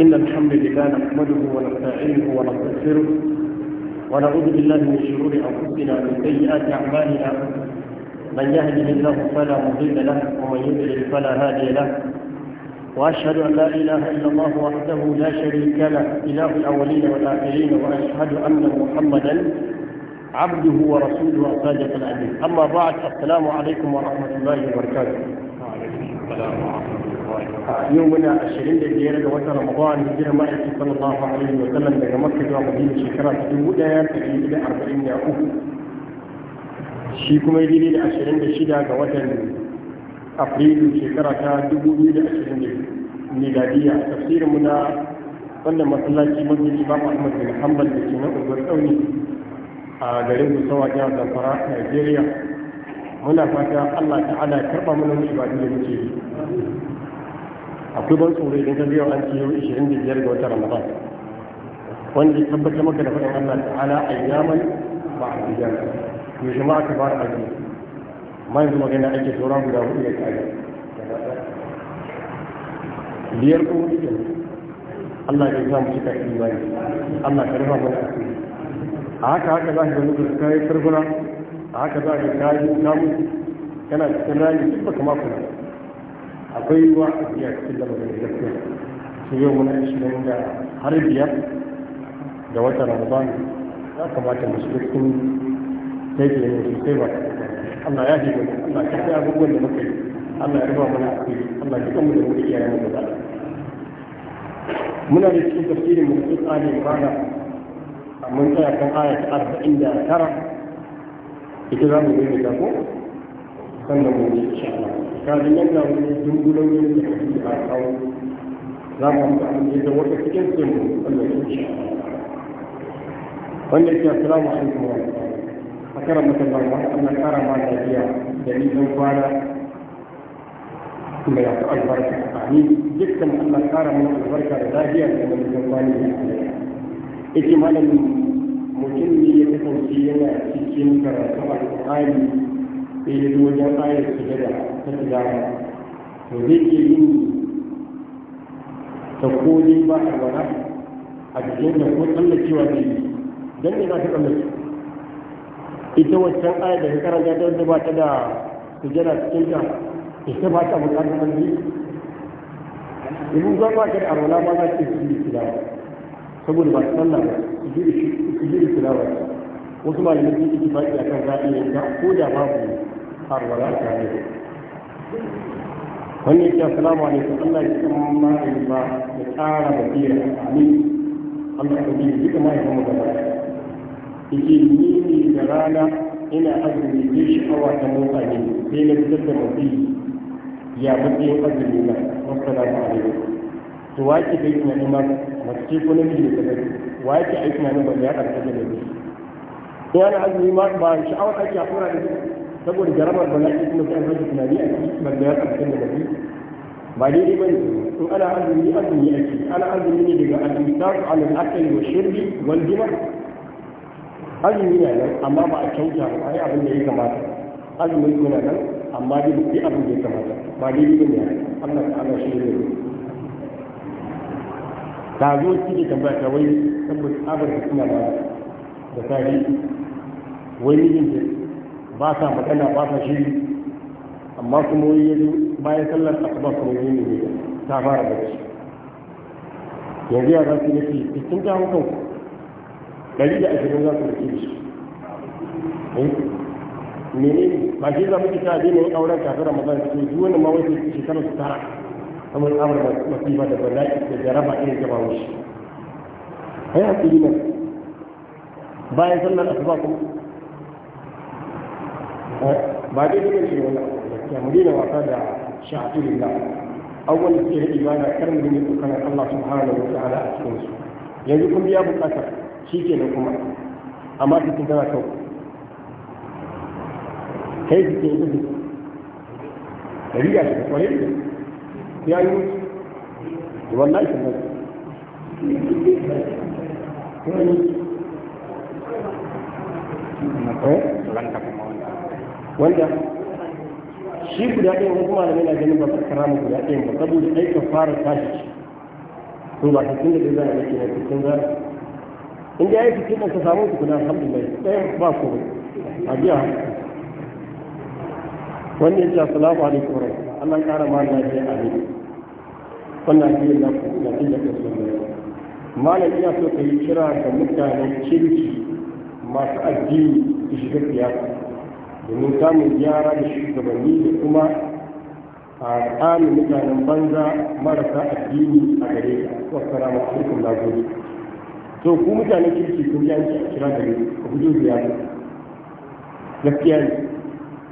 إن الحمد لله نحمده ونستعينه ونستغفره ونعوذ بالله من شرور أنفسنا ومن سيئات أعمالنا من يهده الله فلا مضل له ومن يضلل فلا هادي له وأشهد أن لا إله إلا الله وحده لا شريك له إله الأولين والآخرين وأشهد أن محمدا عبده ورسوله أساجة العبيد أما بعد السلام عليكم ورحمة الله وبركاته وعليكم السلام ورحمة الله yau muna ashirin da biyar ga watan ramadan hijira ma'aiki sallallahu alaihi wa sallam daga makka zuwa madina shekara ta dubu daya da ɗari da arba'in da uku shi kuma ya daidai da ashirin da shida ga watan afrilu shekara ta dubu biyu da ashirin da miladiya tafsirin mu na wannan masallaci masjid imam ahmad bin hanbal da ke na unguwar tsauni a garin musawa jihar zamfara nigeria muna fata allah ta'ala karɓa mana mu ibadu da muke yi akwai ban tsoro idan ka biyo an ce yau 25 ga watan ramadan wanda ya tabbata maka da faɗin allah ta'ala a ayyaman ba a biyan to shi ma aka fara aji amma yanzu magana ake sauran guda hudu da kare biyar ko hudu ke allah ya samu cika imani allah ka rufa mana asiri a haka haka za ka ga lokacin kayan sarguna a haka za ka kayan kamun kana cikin rani duk baka na. akwai wa ya cikin da mai gaskiya su yau muna ishirin inda har biyar da wata ramadan ya kamata mu shiga cikin taiki da mutum sai ba Allah ya shiga Allah ya kai abubuwan da muka yi Allah ya rufa mana akwai Allah ya mu da muka iyaye mu gaba muna da cikin tafsirin mu cikin ali imana mun tsaya kan aya ta arba'in da tara ita za mu yi ne ko sannan mu ci sha'ala kafin nan ga wani dungulan yin da su a kawo za mu amsa an yi da wata cikin sun sannan mu ci wanda ke assalamu alaikum wa rahmatullahi a karan masallan ba ana kara ma lafiya da nisan kwana ya ta albarka a ni dukkan Allah kara mu albarka da lafiya da nisan kwana da yake malamin mutum ne ya kasance yana cikin karatu alƙur'ani sai ya zo wajen ayar daga ta tilawa to zai ke yin takoli ba a wara a cikin da ko tsallakewa zai yi dan ne za ta tsallake ita wancan ayar da ta karanta ta wanda ba ta da su sujada cikin ta ita ba ta bukatar tsallakewa idan za ba ta da arwala ba za ka yi tilawa saboda ba su sallah ba su yi su jiri tilawa wasu malamai sun yi tufafi kan zaɓi yanka ko da babu alwala tare da wani yake assalamu alaikum Allah ya kuma ma'aikata ba ya tsara basira amin Allah ya bi duka ma'aikata mu gaba yake ni da rana ina azumi shi sha'awa ta motsa ne sai na fitar da mafi ya matsayin azumi na wassalamu to wake da yake na mace ko namiji da kadari wake aiki na ba ya karɓi da ne to azumi ma ba ke a hakura da saboda jarabar bala'i kuma sai an rage tunani a ciki wanda ya karfin da gari ba daidai ba ne in ana azumi azumi ake ana azumi ne daga al-isaf al-akali wa shirbi wal jima azumi na nan amma ba a kyauta ba ai abin da ya kamata azumin ko na nan amma dai duk abin da ya kamata ba daidai ba ne Allah ta'ala shi ne ta zo shi ne tambaya ta wai saboda tsabar da suna ba da sari wai mijin ba sa magana ba sa shiri amma kuma wani yanzu bayan sallar asuba kuma yi ne ta fara shi yanzu ya za su yi fi cikin jawo kanku ɗari da ashirin za su rike shi eh? mene ba shi za mu kita ne mai auren kafin ramadan su yi wani ma wani shekarar su tara kamar amur masifa da bala'i da jaraba irin gaba mushi yi hakuri ne bayan sallar asuba kuma ba dai dai shi wannan gaskiya mu dina wasa da sha'irilla awwal ke da ibada kar kana Allah subhanahu wa ta'ala a cikin su yanzu kun biya bukatar shikenan kuma amma cikin tana kau kai cikin gudu shi ya yi mutu wallahi wanda shi guda ɗaya wani kuma malamai na ganin ba karkara mu guda ɗaya ba saboda aikin fara tashi to ba ta tunda zai zai ake na cikin zara in da ya yi cikin ka samu su kuna alhamdulillah ɗaya ba ko a biya wanda ya ce assalamu alaikum warahmatullahi Allah ya kara ma biya amin wannan yi na na inda ka so ne malam ina so ka yi kira ga mutanen kirki masu addini su shiga siyasa domin samun gyara da shugabanni da kuma a tsarin mutanen banza marasa addini a gare ka wassalamu alaikum na lagos to ku mutanen kirki sun yi yanki a kira gare ku gudu ziyara gaskiya ne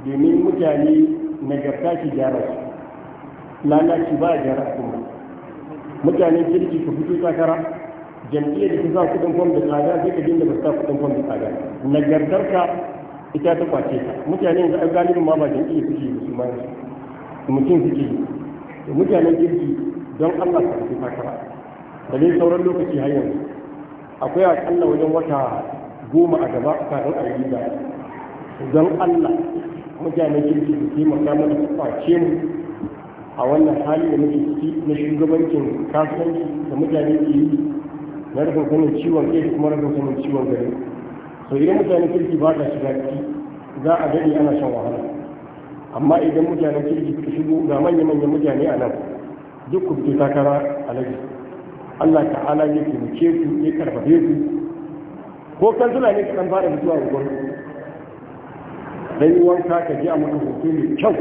domin mutane nagarta ki gyara su lalaci ba a gyara kuma mutanen kirki ku fito takara jam'iyyar da ta sa kudin fom da tsada sai ka dinda ba sa kudin fom da tsada nagartarka ita ta kwace ta mutane da a galibin ma ba jinki suke yi su ma mutum suke yi to mutanen kirki don Allah ka fi takara da dai sauran lokaci har yanzu akwai akalla wajen wata goma a gaba a a ayyuka don Allah mutanen kirki su taimaka mana su kwace mu a wannan hali da muke ciki na shugabancin kasuwanci da mutane ke yi na rufin ciwon kai kuma rufin ciwon gari to idan mutanen kirki ba ta shiga ciki za a daɗe ana shan wahala amma idan mutanen kirki suka shigo ga manya-manyan mutane a nan duk ku fito takara a lagi allah ta'ala ya taimake ku ya karfafe ku ko kan suna ne kan fara fitowa a gwamnati dan wanka ka je a mutum hoto mai kyau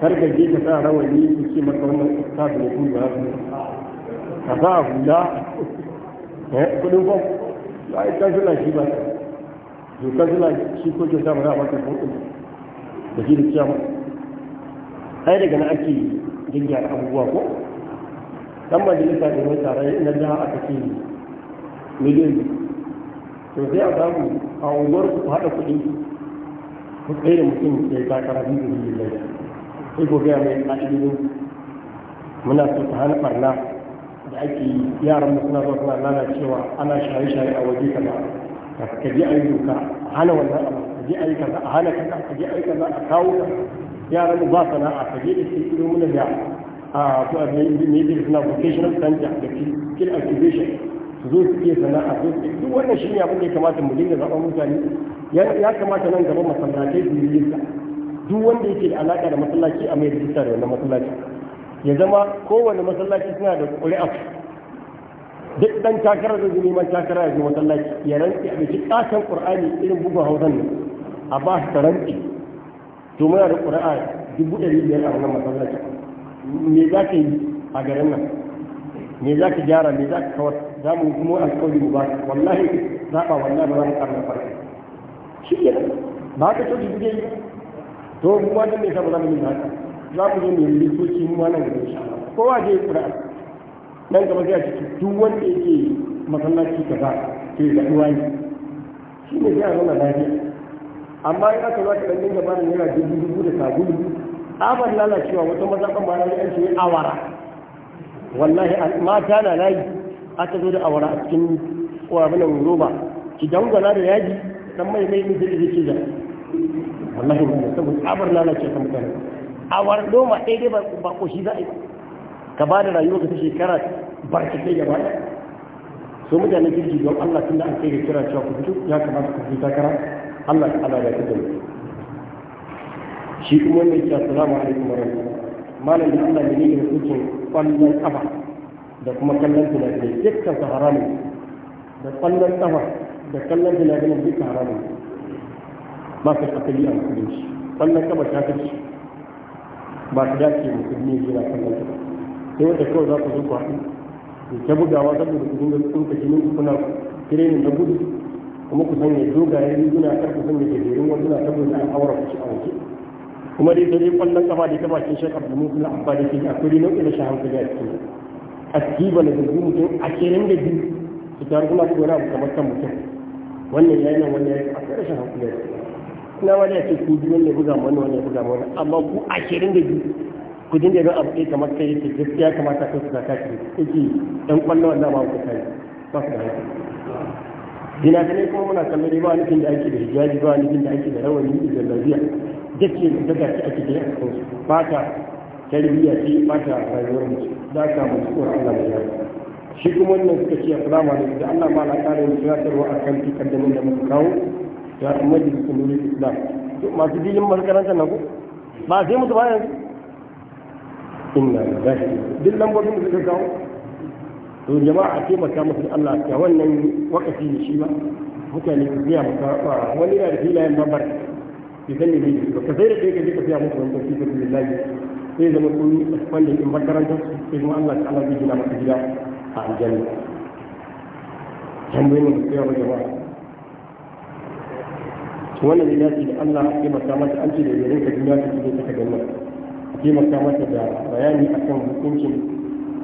kar ka je ka sa rawani ku ce maka wannan ustaz ne kun ba ka sa hula eh, kudin fom ba ya kashi shi ba to kashi lashi shi ko ke samu na maka ko da shi da kiyama ai daga na ake jingyar abubuwa ko dan majalisa da mai tare na jiha aka ce miliyan to sai a samu a unguwar ku haɗa kuɗi ku tsaye da mutum ya yi takara biyu da biyu sai ko gaya mai ƙa'idodin muna so ta hana ɓarna da ake yi yaran mu suna zuwa suna lalacewa ana shaye-shaye a waje kaza ka je a doka a hana wannan abu ka je a kaza a hana kaza ka je a kaza a kawo ka yaran mu ba sana'a ka je da ke ilo mana da a to a ne ne suna vocational center da skill activation su zo su iya sana'a su duk wannan shi ne abin da ya kamata mu dinga zaɓa mutane ya kamata nan gaba masallatai su yi duk wanda yake da alaƙa da masallaci a mai rijista da wannan masallaci ya zama kowane masallaci suna da ƙuri'a duk ɗan takarar da neman takara ya zo masallaci ya rantsi a cikin ƙasan ƙur'ani irin bugun hausan nan a ba su ta rantsi to muna da ƙuri'a dubu ɗari biyar a wannan masallaci me za ka yi a garin nan me za ka gyara me za ka kawar za mu kuma alƙawari mu ba wallahi zaɓa wallahi ba za mu ƙarfafa farko shi ke ba ka so ki guje to kuma don me sa ba za mu yi haka za ku zo mai lisoci mu nan gaba kowa zai yi Qur'ani nan gaba zai ci duk wanda yake masallaci kaza ke da wani shi ne zai zama lafiya amma in aka zo ka dan dinga bani naira dubu dubu da sabulu abar lalacewa wata mazaɓan ba na yan ce awara wallahi mata na layi aka zo da awara a cikin kwabinan roba ki dangana da yaji dan mai mai mijin da ke da wallahi ba saboda abar lalacewa ta mutane a wardo ma daidai ba ko shi za a yi ka ba da rayuwa ta shekara barkatai gaba ɗaya so mutanen jirgi don Allah tun da an kai kira cewa ku fito ya kamata ku fita kara Allah ta ala ya fito shi kuma mai cewa salamu alaikum wa rahmatullahi malam da Allah ne ne hukuncin kwallon kafa da kuma kallon tunani dukkan su haramun da kwallon kafa da kallon tunani dukkan haramun ba su asali a shi kwallon kafa ta kace ba su dace musulmi ya jira kan lantarki sai yadda kawai za ku zo ku haɗu ku ta bugawa saboda ku dinga tsunka jinin ku kuna tirenin na gudu kuma ku sanya dogayen riguna kar ku sanya gajerun wanduna saboda an aura ku ci a waje kuma dai sai kwallon kafa da ta bakin shek abu musul abba da ke akwai nau'in da shahan kudi a cikin asiba da zargi mutum ashirin da biyu su taru kuma su wani abu kamar kan mutum wannan ya yi nan wannan ya yi akwai rashin hankali a cikin na wani ya ce ku biyu wanda buga wani ya buga wani amma ku ashirin da biyu ku dinga yin abu ɗaya kamar kai yake gaskiya kamata kai su zaka ce yake ɗan ƙwallo wanda ba ku kai ba su da hankali dina ne kuma muna kallon dai ba nufin da ake da hijabi ba nufin da ake da rawani da lafiya dake da daga ake da yankin su ba ta tarbiyya ce ba ta rayuwar mu za ka mu ko Allah ya yarda shi kuma wannan suka ce assalamu alaikum da Allah ba la ƙara yin tunatarwa akan tukar da mun da muka kawo ya fi da nuri islam masu dilin makarantar nan ko ba sai mutu ba yanzu inna lillahi duk lambobin da suka kawo to jama'a a taimaka musu Allah ya wannan wakafi ne shi ba mutane su biya maka wani yana da filayen babar ki sani ne ba ka sai da kai ka je ka biya musu wannan fi sabilillahi sai zama kun yi wanda in makarantar sai kuma Allah ta Allah zai gina maka gida a aljanna tambayoyin da suka yawa jama'a wannan ne dace da Allah ya taimaka mata an ce da yare ka duniya ta fito ta kadan nan taimaka mata da bayani akan hukuncin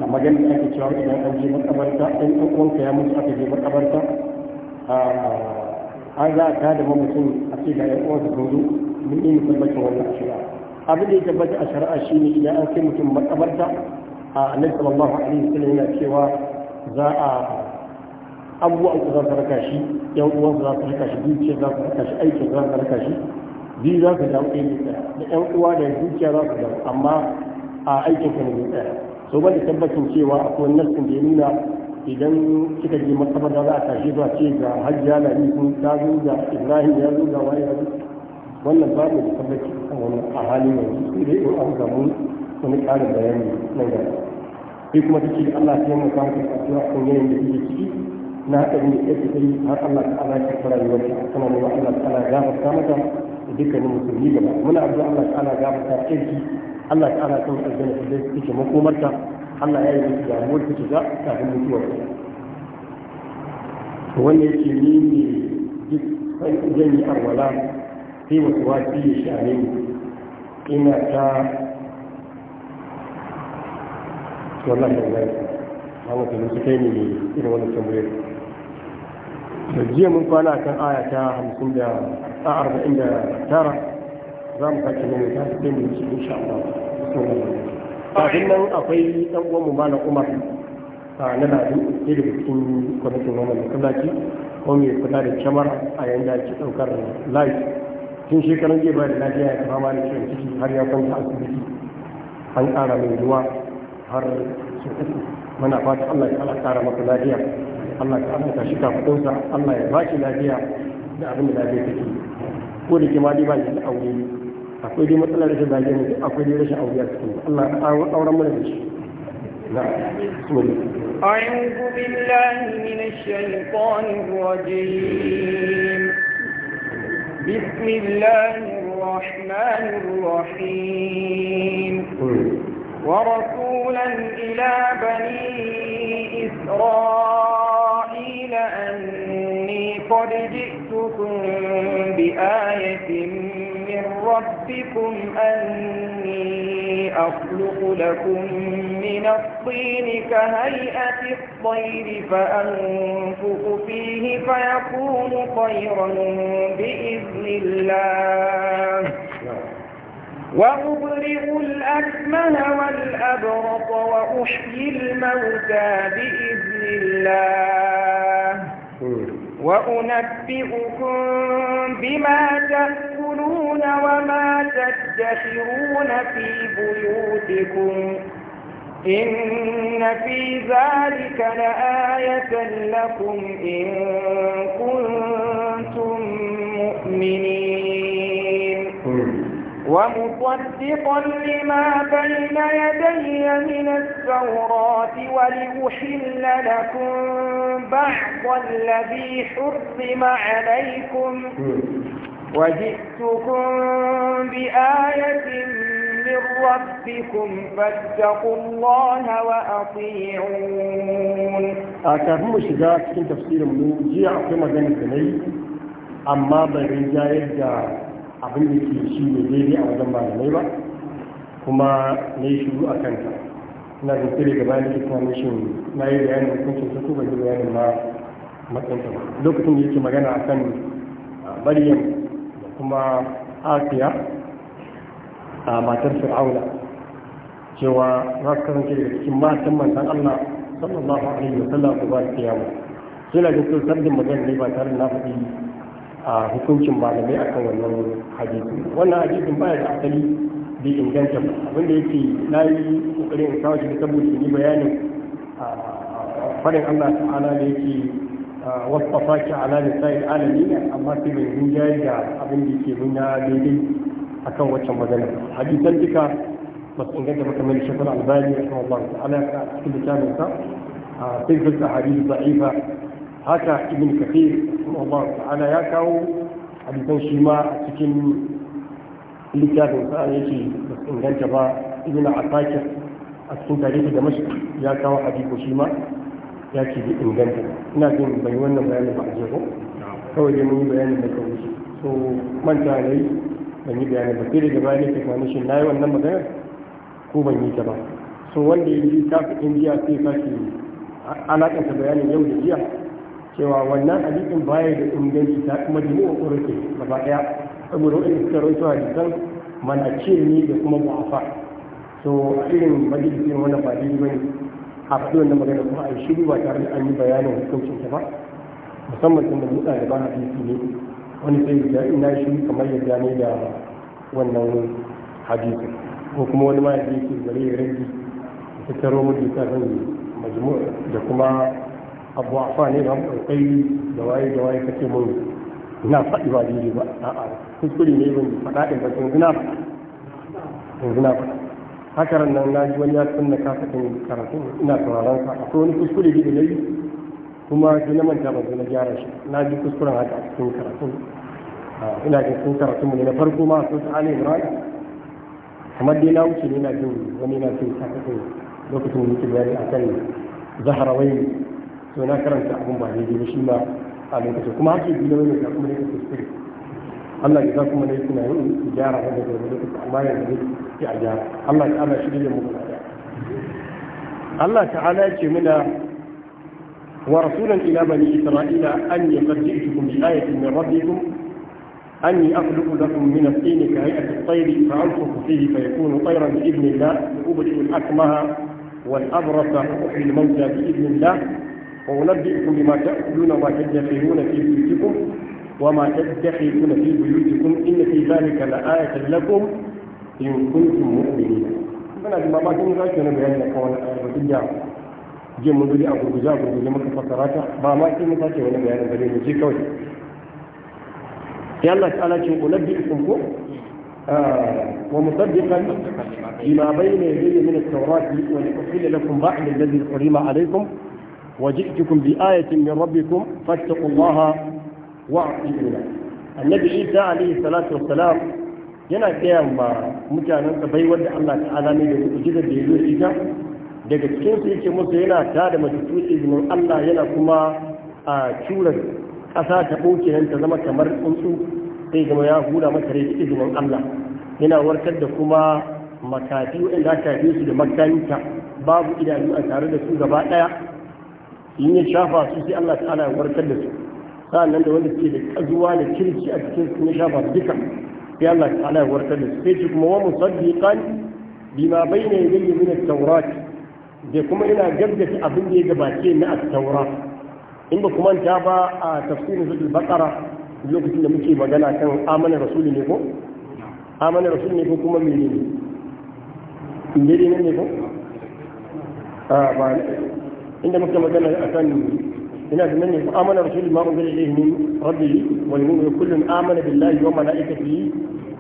a magana da ake cewa idan an je makabarta ɗan ɗan uwanka ya mutu aka je makabarta an za a kada mamacin a ce ga ɗan uwansa sun zo mun yi tabbacin wannan a shari'a abin da ya tabbata a shari'a shine idan an kai mutum makabarta a annabi sallallahu alaihi wasallam yana cewa za a abubuwan ku za su raka shi yan uwan za su raka shi dukiyar za su raka shi aikin za su raka shi biyu za su dawo ɗaya ne tsaya da yan uwa da dukiya za su dawo amma a aikin ka ne tsaya so ban da tabbacin cewa akwai nassin da ya nuna idan kika je matsabar da za a tashi a ce ga hajjiya na yi kun ta zo ga ibrahim ya zo ga waye ya zo wannan babu da tabbaci kan wannan a halin yanzu sai dai in an gamu wani ƙarin bayani nan gaba sai kuma take Allah yi ya taimaka maka a cikin yanayin da kike ciki na haka ne ya ce kai har Allah ta ala ya fara yi wani kana ne Allah ta ala ya gafarta mata dukkanin musulmi gaba muna addu'a Allah ta ala ya gafarta kirki Allah ta ala kan aljanna da take makomarta Allah ya yi miki damuwar ki shiga kafin mutuwar ki wannan yake ni ne duk zan yi arwala sai wasu wasi ya shame ni ina ta wallahi wallahi amma kuma su kai ne irin wannan tambayar da jiya mun kwana kan aya ta hamsin da a arba'in da tara za mu sake mai ta sai mu ci insha Allah kafin nan akwai ɗan uwan mu malam Umar na ladin ɗaya daga cikin kwamitin wannan masallaci ko mai kula da kyamar a yayin da ake ɗaukar live tun shekaran jiya bayan lafiya ya kama da ciwon ciki har ya kwanta asibiti an ƙara mai ruwa har su uku muna fata Allah ya ƙara maka lafiya Allah ka amsa shi kafaɗonsa Allah ya ba shi lafiya da abin da lafiya take ko da ke ma dai ba shi da aure akwai dai matsalar rashin lafiya ne akwai dai rashin aure a cikin Allah ka auren mana da shi أعوذ بالله من الشيطان الرجيم بسم الله الرحمن الرحيم ورسولا إلى بني إسرائيل قد جئتكم بآية من ربكم أني أخلق لكم من الطين كهيئة الطير فأنفق فيه فيكون طيرا بإذن الله وأبرئ الأكمل والأبرص وأحيي الموتى بإذن الله hmm. وأنبئكم بما تأكلون وما تدخرون في بيوتكم إن في ذلك لآية لكم إن كنتم مؤمنين ومصدقا لما بين يدي من التوراة ولأحل لكم بعض الذي حرم عليكم وجئتكم بآية من ربكم فاتقوا الله وأطيعون أكافي مشجعات في تفسير من جيع في مدينة أما بغير جايد abin da ke shi ne daidai a wajen malamai ba kuma na yi shuru a kanta ina da tsere gaba da ita mishin na yi bayanin hukuncin su kuma yi bayanin ma matsayinta ba lokacin da yake magana a kan ah, maryam da kuma afiya a ah, matar fir'auna cewa za su kasance daga cikin matan mantan allah sallallahu alaihi wasallam ko ba su kiyama sai na ga sardin magana ne ba tare da na faɗi a hukuncin malamai akan wannan hadisi wannan ba ya da asali bai inganta ba abinda yake na yi kokarin kawo shi saboda ni bayanin farin Allah ta'ala da yake wasfafa ki ala nisa'il alami amma sai bai rinjaye da abin da yake nuna daidai a kan waccan magana hadisan duka بس ان جد بكمل الشيخ الالباني cikin da تعالى في كتابه سيف الاحاديث الضعيفه haka ibn kafir Allah ta'ala ya kawo hadisan shi ma a cikin littafin sa yake da inganta ba ibn asakir a cikin tarihi da mashi ya kawo hadisi shi ma ya ce da inganta ina jin bai wannan bayanin ba a je ko kawai dai mun yi bayanin da kawo shi so manta ne ban yi bayanin ba sai da bayan ne kuma shi nayi wannan magana ko ban yi ta ba so wanda ya ji kafin indiya sai sake alaƙanta bayanin yau da jiya cewa wannan hadisin baya da inganci ta kuma jami'a ƙorafi gaba ɗaya saboda waɗanda suka rawaito hadisan ce ne da kuma fa. so irin majalisi wani ba daidai ne a faɗi wannan magana kuma a yi shiru ba tare da an yi bayanin hukuncin ta ba musamman tun da mutane da ba hadisi ne wani sai da ina shi kamar yadda ne da wannan hadisi ko kuma wani ma ya ce bare ya rage tattaro mu da majmu'a da kuma abuwa afa ne ba mu kai da waye da waye kake mun ina faɗi ba daidai ba a'a kuskure ne ban faɗa din ba yanzu na faɗa yanzu na faɗa haka nan na ji wani ya tsanna kasa kan karatu ina sauraron ka akwai wani kuskure da yayi kuma sai na manta ban na gyara shi na ji kuskuren haka a cikin karatu ina jin cikin karatu ne na farko ma sun ta ali ibrahim kamar dai na wuce ne na jin wani na cikin kasa lokacin da yake bayani akan zaharawai to na karanta abun ba daidai shi ma a lokacin kuma hake biyu ne ka kuma ne kuskure Allah ya zaku mana yake na yin tijara wanda da wani lokaci amma yanzu ne ya ajara Allah ta'ala shi da mu da Allah ta'ala ya ce muna ورسولا إلى بني إسرائيل أني قد جئتكم بآية من ربكم أني أخلق لكم من الطين كهيئة الطير فأنفخ فيه فيكون طيرا بإذن الله وأبرئ الأكمه والأبرص وأحيي الموتى بإذن الله وأنبئكم بما تأكلون وما تدخرون في بيوتكم وما تدخرون في بيوتكم إن في ذلك لآية لكم إن كنتم مؤمنين أنا بما ما كان ذلك أنا بيان لك وأنا آية je mun gudu a gurguza a gurguza maka fassara ta ba ma sai أنا sake wani bayanin gare mu je kawai sai Allah ta'ala ce unabbi'ukum ومصدقا لما بين يدي من التوراة ولأحل لكم بعض الذي حرم عليكم وجئتكم بآية من ربكم فاتقوا الله وأطيعونا النبي عيسى عليه الصلاة والسلام yana gaya ma mutanen bai wanda Allah ta'ala ne da ya da yazo ita daga cikinsu su yake musu yana ta da mutu izinin Allah yana kuma a cura ƙasa ta boke nan ta zama kamar tsuntsu sai zama ya hura mata rai izinin Allah yana wartar da kuma makafi wanda aka da makanta babu idanu a tare da su gaba ɗaya in ya shafa su sai Allah ta'ala ya warkar da su nan da wanda suke da kazuwa da kirki a cikin su ya shafa su duka sai Allah ta'ala ya warkar da su sai ce kuma wa musaddiqan bima bayna yadayhi min at-taurat da kuma ina gaggata abin da ya gabace na at-taurat in ba kuma ta ba a tafsirin suratul baqara lokacin da muke magana kan amanar rasuli ne ko amanar rasuli ne ko kuma menene ne ne ko a ah, ba inda muke magana a kan ina da nan ne fa amana rasulul ma unzila ilayhi min rabbihi wal mu'minu kullun amana billahi wa malaikatihi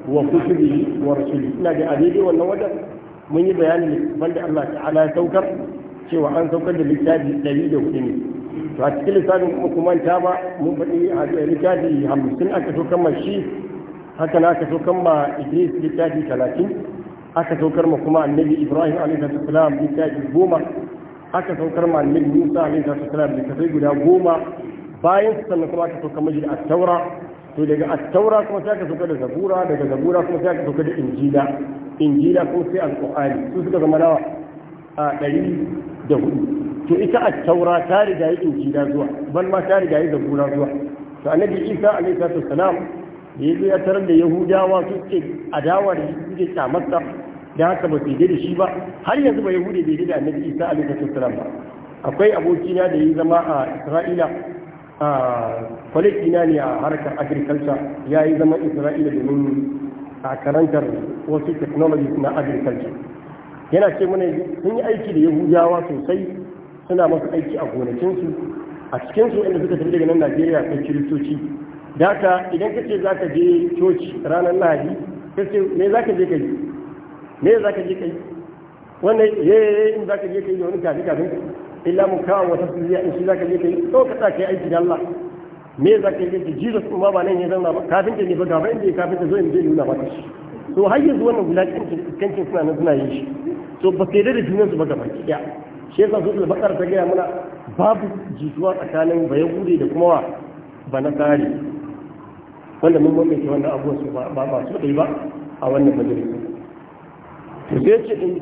wa kutubihi wa rasulihi ina da adede wannan wajen mun yi bayanin banda Allah ta'ala ya saukar cewa an saukar da littafi 104 ne to a cikin littafin kuma kuma ta ba mun faɗi a littafi 50 aka saukar ma shi haka ma littafi 30 aka saukar ma kuma annabi Ibrahim alaihi salam littafi 10 aka saukar ma Musa Musa alaihi salam da kafai guda goma bayan su sannan kuma aka saukar mashi da at to daga attaura kuma sai aka saukar da zabura daga zabura kuma sai aka saukar da injila injila kuma sai al-qur'ani su suka zama nawa a ɗari da hudu to ita attaura ta riga yi injila zuwa ban ma ta riga yi zabura zuwa to annabi Isa alaihi salam da ya zo ya tarar da Yahudawa suke adawa da suke kyamarsa da haka ba yi da shi ba har yanzu ba yahudi bai da annabi isa alaihi salam ba akwai abokina da ya zama a isra'ila a kwalekina ne a harkar agriculture ya yi zama isra'ila domin a karantar wasu technologies na agriculture yana ce mana sun yi aiki da yahudawa sosai suna masu aiki a gonakinsu a cikinsu inda suka tafi daga nan najeriya kai kiristoci haka idan ka ce za ka je coci ranar lahadi ka ce me za ka je ka yi me za ka je ka yi wannan yayi eh, in za ka je ka yi da wani kafin kafin illa mu kawo wata suriya in shi za ka je ka yi to ka sa ka yi aiki da Allah me za ka je ka ji kuma ba nan ya zauna ba kafin ka ne ba gaba inda ya kafin ka zo in je nuna maka shi to har yanzu wannan wulaƙancin iskancin suna nan suna yin shi to ba sai da junansu ba gaba ɗaya shi yasa su da bakar ta gaya mana babu jituwa tsakanin bayan gure da kuma wa ba na tsari wanda mun mamaye wannan abubuwan su ba ba su ɗai ba a wannan majalisa to sai ce in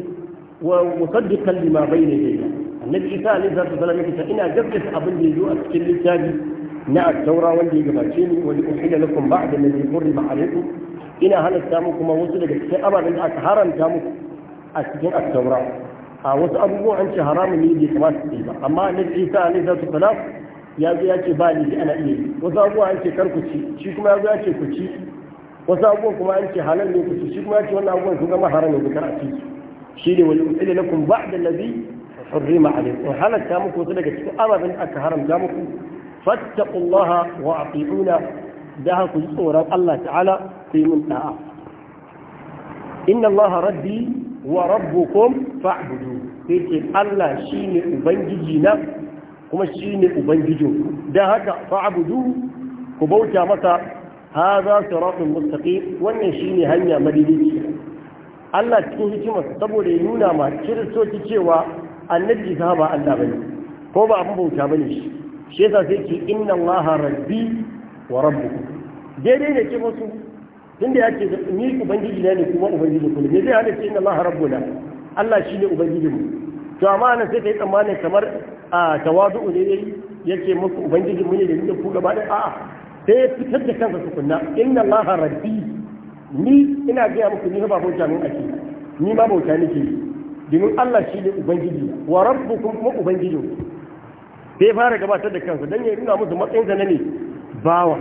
wa musaddiqan lima bayna yadayya annabi isa alaihi salatu wasallam yake ina gaskata abin da yazo a cikin littafi na at-taura wanda ya gabace ni wa uhilla lakum ba'da alladhi hurrima alaykum ina halatta muku kuma wasu daga cikin ababen da aka haramta muku a cikin at-taura a wasu abubuwa an ce haramun ne bai kamata su yi ba amma annabi isa alaihi salatu wasallam ya zo ya ce ba ni ana iya yi wasu abubuwa an ce kar ku ci shi kuma ya zo ya ce ku ci wasu abubuwan kuma an ce halal ne ku shi kuma ce wannan abubuwan sun zama haram ne a ciki shi ne wani utsile lakum ba'da allazi hurrima alaykum halatta muku wasu daga cikin ababen da aka haramta muku fattaqullaha wa atiuna da ku ji tsoron Allah ta'ala ku yi min da'a inna allaha rabbi wa rabbukum fa'budu sai ce Allah shine ubangiji na kuma shine ubangijinku dan haka fa'budu ku bauta masa haza siratun mustaqim wannan shine hanya madidici Allah cikin hikima saboda ya nuna ma kiristoci cewa annabi sa ba Allah bane ko ba abin bauta bane shi shi yasa sai ce inna Allah rabbi wa rabbukum daidai ne ce musu tunda ya ce ni ubangiji na ne kuma ubangiji ku ne zai hana ce inna Allah rabbuna Allah shine mu to amma nan sai kai tsammanin kamar a tawadu ne yake muku mu ne da ku gaba da a'a sai ya fitar da kansa tukunna inna allaha rabbi ni ina gaya muku ni ba bauta mun ake ni ma bauta nake domin Allah shi ne ubangiji wa rabbukum kuma ubangiji sai fara gabatar da kansa dan ya nuna musu matsayin sa ne bawa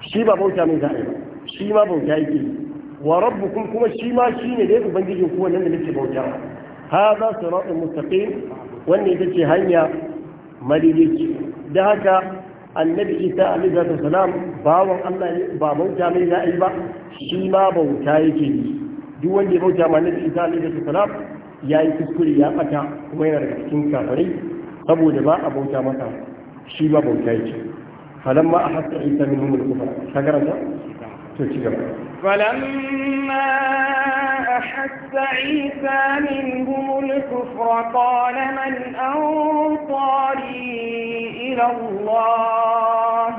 shi ba bauta mun za'a ba shi ma bauta yake wa rabbukum kuma shi ma shi ne dai ubangiji ku wannan da nake bauta hadha siratul mustaqim wannan ita ce hanya madaidaici da haka annabi isa alaihi salam bawan Allah ne ba bauta mai za ba shi ma bauta yake yi duk wanda ya bauta ma annabi isa alaihi salam ya yi kuskure ya bata kuma yana daga cikin kafirai saboda ba a bauta masa shi ma bauta yake a ahassa isa minhum al-kufra ta karanta to ci gaba falamma أحس عيسى منهم الكفر قال من أنصاري إلى الله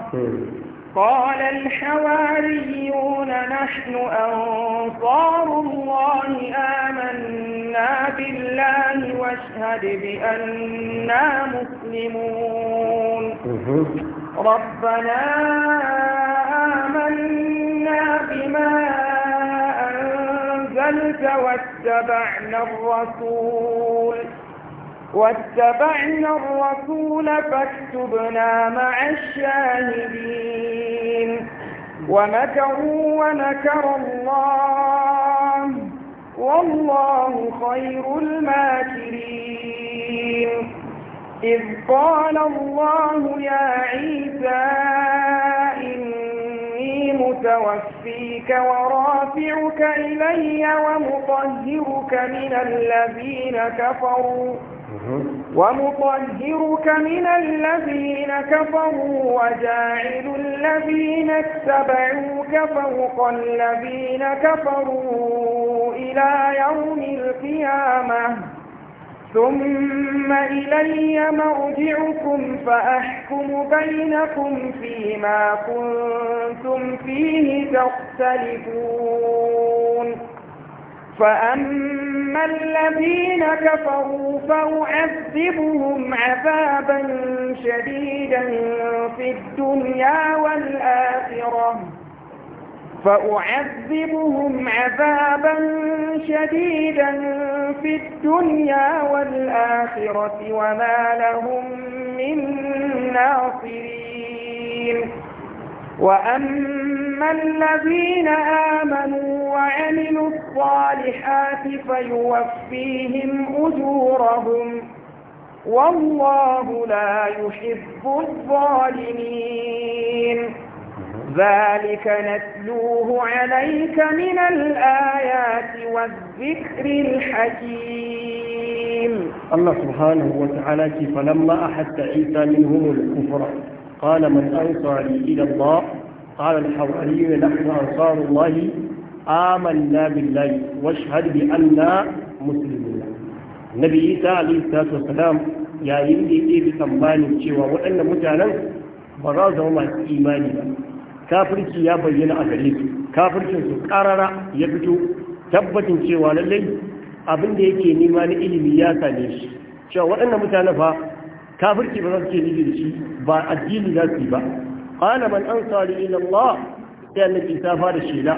قال الحواريون نحن أنصار الله آمنا بالله واشهد بأننا مسلمون ربنا آمنا بما أنزلت واتبعنا الرسول واتبعنا الرسول فاكتبنا مع الشاهدين ومكروا ومكر الله والله خير الماكرين إذ قال الله يا عيسى إني متوفيك ورافعك إلي ومطهرك من الذين كفروا ونطهرك من الذين كفروا وجاعل الذين اتبعوك فوق الذين كفروا إلى يوم القيامة ثم إلي مرجعكم فأحكم بينكم فيما كنتم فيه تختلفون فأما الذين كفروا فأعذبهم عذابا شديدا في الدنيا والآخرة فأعذبهم عذابا شديدا في الدنيا والآخرة وما لهم من ناصرين وأما الذين آمنوا وعملوا الصالحات فيوفيهم أجورهم والله لا يحب الظالمين ذلك نتلوه عليك من الآيات والذكر الحكيم الله سبحانه وتعالى فلما أحس عيسى منهم الكفر قال من أنصاري إلى الله قال الحواريون نحن أنصار الله amanna billahi washhad bi anna muslimin nabi isa alaihi salatu wasalam yayin da yake bi tsammanin cewa waɗannan mutanen ba za su zama masu imani ba kafirci ya bayyana a gare su kafircin su karara ya fito tabbacin cewa lallai abin da yake nema na ilimi ya same shi cewa waɗannan mutane fa kafirci ba za su ce ni da shi ba addini za su yi ba qala man ansari ila allah sai annabi ta fara shela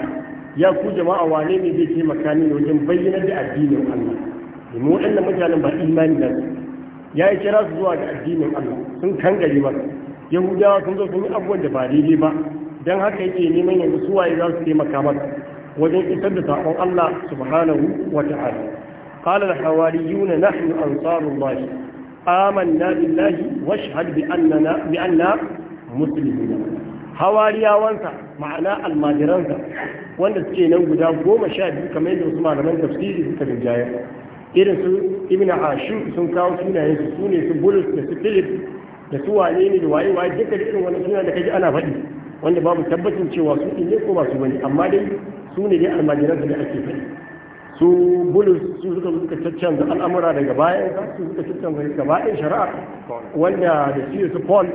ya ku jama'a wane ne zai taimaka mini wajen bayyanar da addinin Allah domin waɗannan mutanen ba imani ba ya yi kira su zuwa ga addinin Allah sun kangare masa yahudawa sun zo sun yi abubuwan da ba daidai ba Dan haka yake neman yanzu su waye za su taimaka masa wajen isar da saƙon Allah subhanahu wa ta'ala qala al-hawariyuna nahnu ansarullah amanna billahi washhad bi annana bi anna muslimuna hawariyawansa ma'ana almajiransa wanda suke nan guda goma sha biyu kamar yadda wasu malaman tafsiri suka rinjaya irin su ibn ashur sun kawo sunayen su su ne su bulus da su philip da su wane ne da waye waye duka irin wani suna da kaji ana faɗi wanda babu tabbacin cewa su ne ko ba su bane amma dai su ne dai almajiransa da ake faɗi su bulus su suka suka caccanza al'amura daga bayan su suka caccanza gaba ɗaya shari'a wanda da su su paul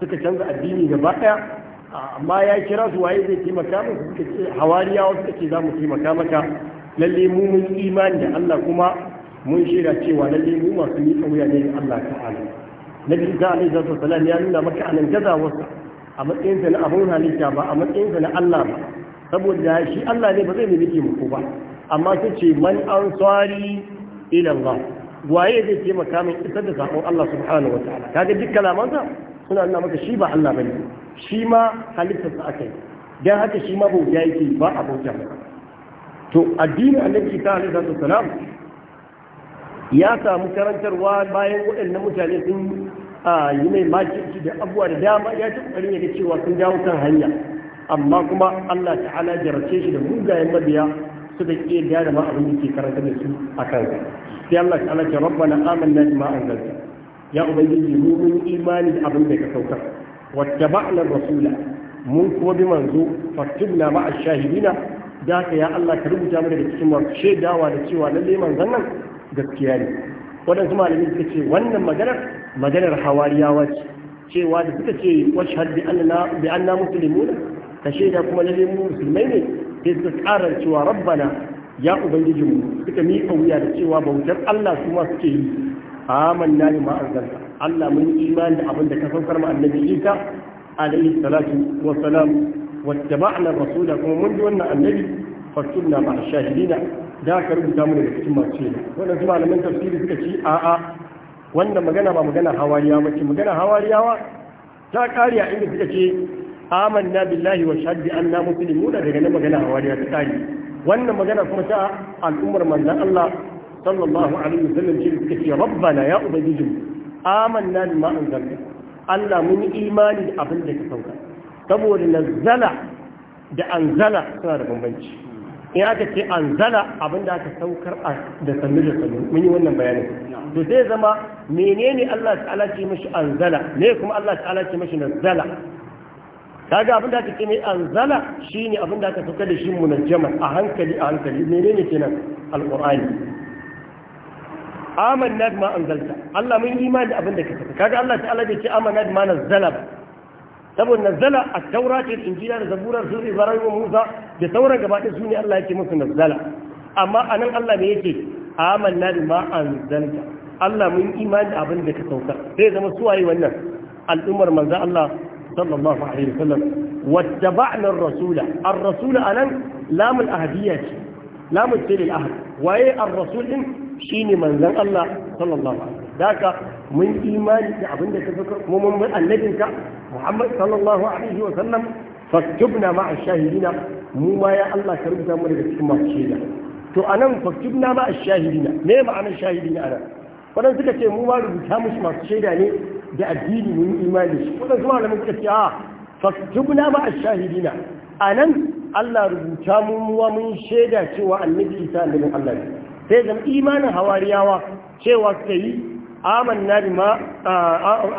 suka canza addini gaba ɗaya amma ya kira su waye zai taimaka maka suka ce hawariyawa za mu taimaka maka lalle mu mun imani da Allah kuma mun shaida cewa lalle mu masu miƙa wuya ne ga Allah ta'ala nabi isa alaihi salatu wasalam ya nuna maka anan gazawarsa a matsayinsa na abun halitta ba a matsayinsa na Allah ba saboda shi Allah ne ba zai nemi taimako ba amma sai ce man ansari ila Allah waye zai taimaka min isar da sakon Allah subhanahu wataala kaga duk lamansa suna nuna maka shi ba Allah bane shi ma halittarsa aka yi don haka shima ma bauta yake ba a bauta ba to addinin annabi isa alaihi salam ya samu karantarwa bayan waɗannan mutane sun yi mai makirci da abuwa da dama ya ci da ya cewa sun dawo kan hanya amma kuma Allah ta'ala jarrace shi da mugayen mabiya suka ke yarda da ma abin da ke karanta da su a kansa sai Allah ta'ala ce rabbana amanna bima anzalta ya ubangiji mu mun imani da abin da ka saukar wattaba'na rasula mun kuma bi manzo na ma ash-shahidina da ka ya Allah ka rubuta mu da cikin masu shaidawa da cewa lalle manzon nan gaskiya ne waɗansu malamai suka wannan maganar maganar hawariyawa ce cewa da suka ce washhad bi anna bi anna muslimuna ka kuma na lemu musulmai ne sai suka ƙara cewa rabbana ya mu, suka miƙa wuya da cewa bautar Allah su ma suke yi amanna ne ma Allah mun imani da abin da ka saukar ma annabi Isa alaihi salatu wa salam wattaba'na rasula kuma mun ji wannan annabi fakunna ma shahidina da ka rubuta mu da cikin masu shaida wannan su malaman tafsiri suka ce a'a wannan magana ba magana hawariya ba ce magana hawariyawa ta kare a inda suka ce amanna billahi wa shahadu bi anna muslimuna daga nan magana hawariya ta kare wannan magana kuma ta al'ummar manzon Allah sallallahu alaihi wasallam ce suka ce rabbana ya ubangijinmu amanna ma anzalta Allah mun yi imani da abin da ka sauka saboda nazala da anzala suna da bambanci in aka ce anzala abin da aka saukar da sannu da sannu mun yi wannan bayanin to zai zama menene Allah ta'ala ce mashi anzala ne kuma Allah ta'ala ce mashi nazala kaga abin da aka ce mai anzala shine abin da aka saukar da shi munajjama a hankali a hankali menene kenan alqur'ani amanna ma anzalta Allah mun imani abin da ka saka kaga Allah ta'ala bai ce amanna ma nazzala ba saboda nazzala a taura da injila da zabura su ibrahim wa musa da sauran gaba ɗaya sune Allah yake musu nazzala amma anan Allah me yake amanna ma anzalta Allah mun imani abin da ka sauka sai zama suwaye wannan al'ummar manzo Allah sallallahu alaihi wasallam wattaba'na ar-rasula ar-rasula anan lamul ahdiyya lamul tilil ahd waye ar-rasul din shine manzan Allah sallallahu alaihi daka mun imani da abin da ka saka kuma mun bin annabinka Muhammad sallallahu alaihi wa sallam faktubna ma'a shahidina mu ma ya Allah ka rubuta mu daga cikin masu shaida to anan faktubna ma'a shahidina me ma'anar shahidina anan wadan suka ce mu ma rubuta musu masu shaida ne da addini mun imani shi wadan kuma malamin suka ce a faktubna ma'a shahidina anan Allah rubuta mu mu mun shaida cewa annabi Isa annabin Allah ne sai zama imanin hawariyawa cewa suka yi aman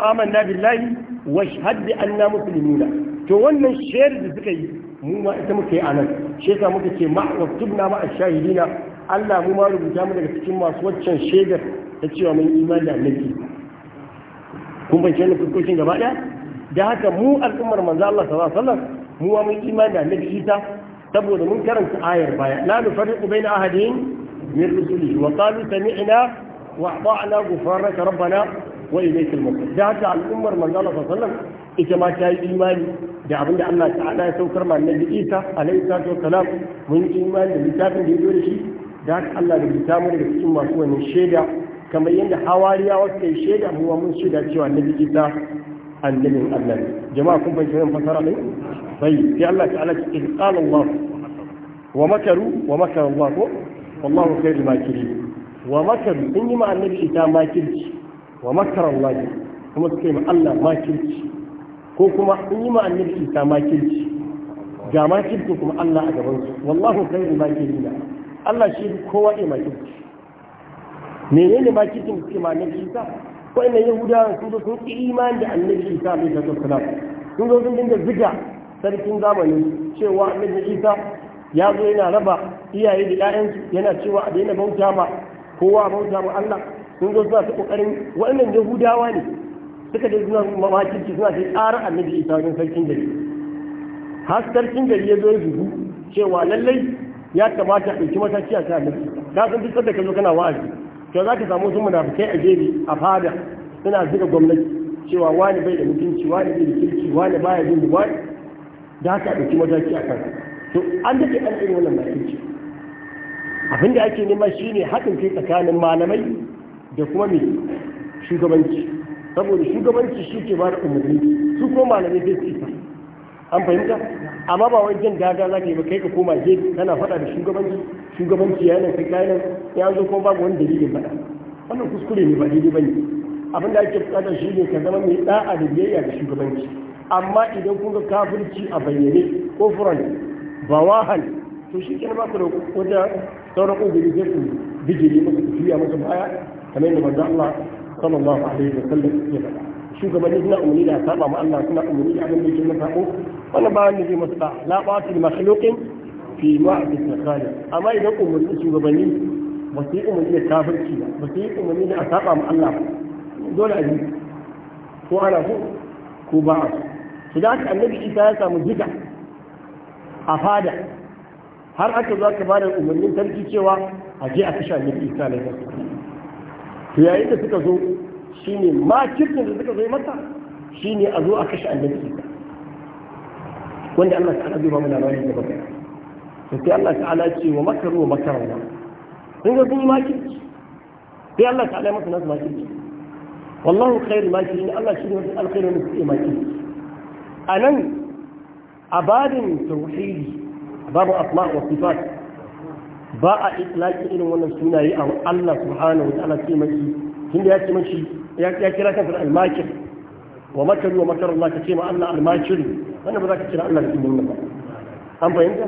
amanna billahi wa shahadu anna muslimuna to wannan shayar da suka yi mu ma ita muka yi anan shi yasa muka ce ma waktubna ma ashahidina Allah mu ma rubuta mu daga cikin masu waccan shaidar ta cewa mun imani da annabi kun ban shaidar fuskokin gaba daya da haka mu al'ummar manzo Allah sallallahu alaihi wasallam mu ma mun imani da annabi Isa saboda mun karanta ayar baya la nufarriqu baina ahadin من رسله وقالوا سمعنا واعطانا غفرانك ربنا وإليك المصير ده هذا الأمر من الله صلى الله عليه وسلم ita ma ta yi imani da abin da Allah ta'ala ya saukar ma annabi Isa alaihi salatu wassalam mun yi imani da littafin da ya zo da shi da haka Allah da bita mu daga cikin masu wani shaida kamar yadda hawariyawa wasu yi shaida mu mun shaida cewa annabi Isa annabin Allah ne jama'a kun fahimci wannan fasara ne bai sai Allah ta'ala ya ce qala Allah wa makaru wa makara Allah ko wallahu khairul makirin wa makar sun yi ma annabi ita makirci wa makar Allah kuma suka yi ma Allah makirci ko kuma sun yi ma annabi ita makirci ga makirci kuma Allah a gaban su wallahu khairul makirin da Allah shi kowa ya makirci menene makircin da suke ma annabi ita ko ina yahudawa sun zo sun ki imani da annabi isa alaihi salatu sun zo sun dinga ziga sarkin zamanin cewa annabi isa ya zo yana raba iyaye da 'ya'yansu yana cewa a daina bauta ma kowa bauta ma Allah sun zo suna ta kokarin waɗannan yahudawa ne suka je suna mamakinci suna ta tsara annabi isa wajen sarkin gari har sarkin gari ya zo ya zubu cewa lallai ya kamata a ɗauki mataki a kan nabi ka san duk da ka zo kana wa'azi to za ka samu sun munafikai a gebe a fada suna zuga gwamnati cewa wani bai da mutunci wani bai da kirki wani baya jin wani da haka a ɗauki mataki a kansa to an dace an irin wannan bakin abin da ake nema shine haɗin kai tsakanin malamai da kuma mai shugabanci saboda shugabanci shi ke ba da umarni su ko malamai zai tsifa an fahimta amma ba wai jan daga za ka yi ba kai ka koma je kana faɗa da shugabanci shugabanci ya nan kai kayan ya zo ko babu wani dalilin faɗa wannan kuskure ne ba daidai ba ne abin da ake buƙatar shi ne ka zama mai ɗa'a da biyayya da shugabanci amma idan kun ga kafirci a bayyane ko furan bawahan to shi ba ku da wata sauran ubiri sai ku bijiri masa ku juya baya kamar yadda manzo Allah sallallahu alaihi wa sallam ya faɗa shugabanni suna umarni da saba ma Allah suna umarni da abin da yake masa ko wannan ba wanda zai masa ba la batil makhluqin fi ma'atis khaliq amma idan umarni shugabanni ba su yi umarni da kafirci ba ba su yi umarni da saba ma Allah dole a yi ko ana ko ba a da haka annabi Isa ya samu zika a fada har aka zo aka bada umarnin sarki cewa a je a kashe annabi isa na ne to yayin da suka zo shi ne makircin da suka zo mata shi ne a zo a kashe annabi isa wanda Allah ta'ala zai ba mu labarin da baka to sai Allah ta'ala ce wa makaru wa makarna sun ga sun yi makirci sai Allah ta'ala ya masa nasu makirci wallahu khairul makirin Allah shi ne alkhairun da suke makirci nan. a babin tauhidi babu asma wa sifat ba a itlaki irin wannan sunaye a Allah subhanahu wa ta'ala ce tunda ya ce mashi al-makir wa makaru wa makar ka ce ma Allah al-makir wannan ba za ka kira Allah da sunan ba an fahimta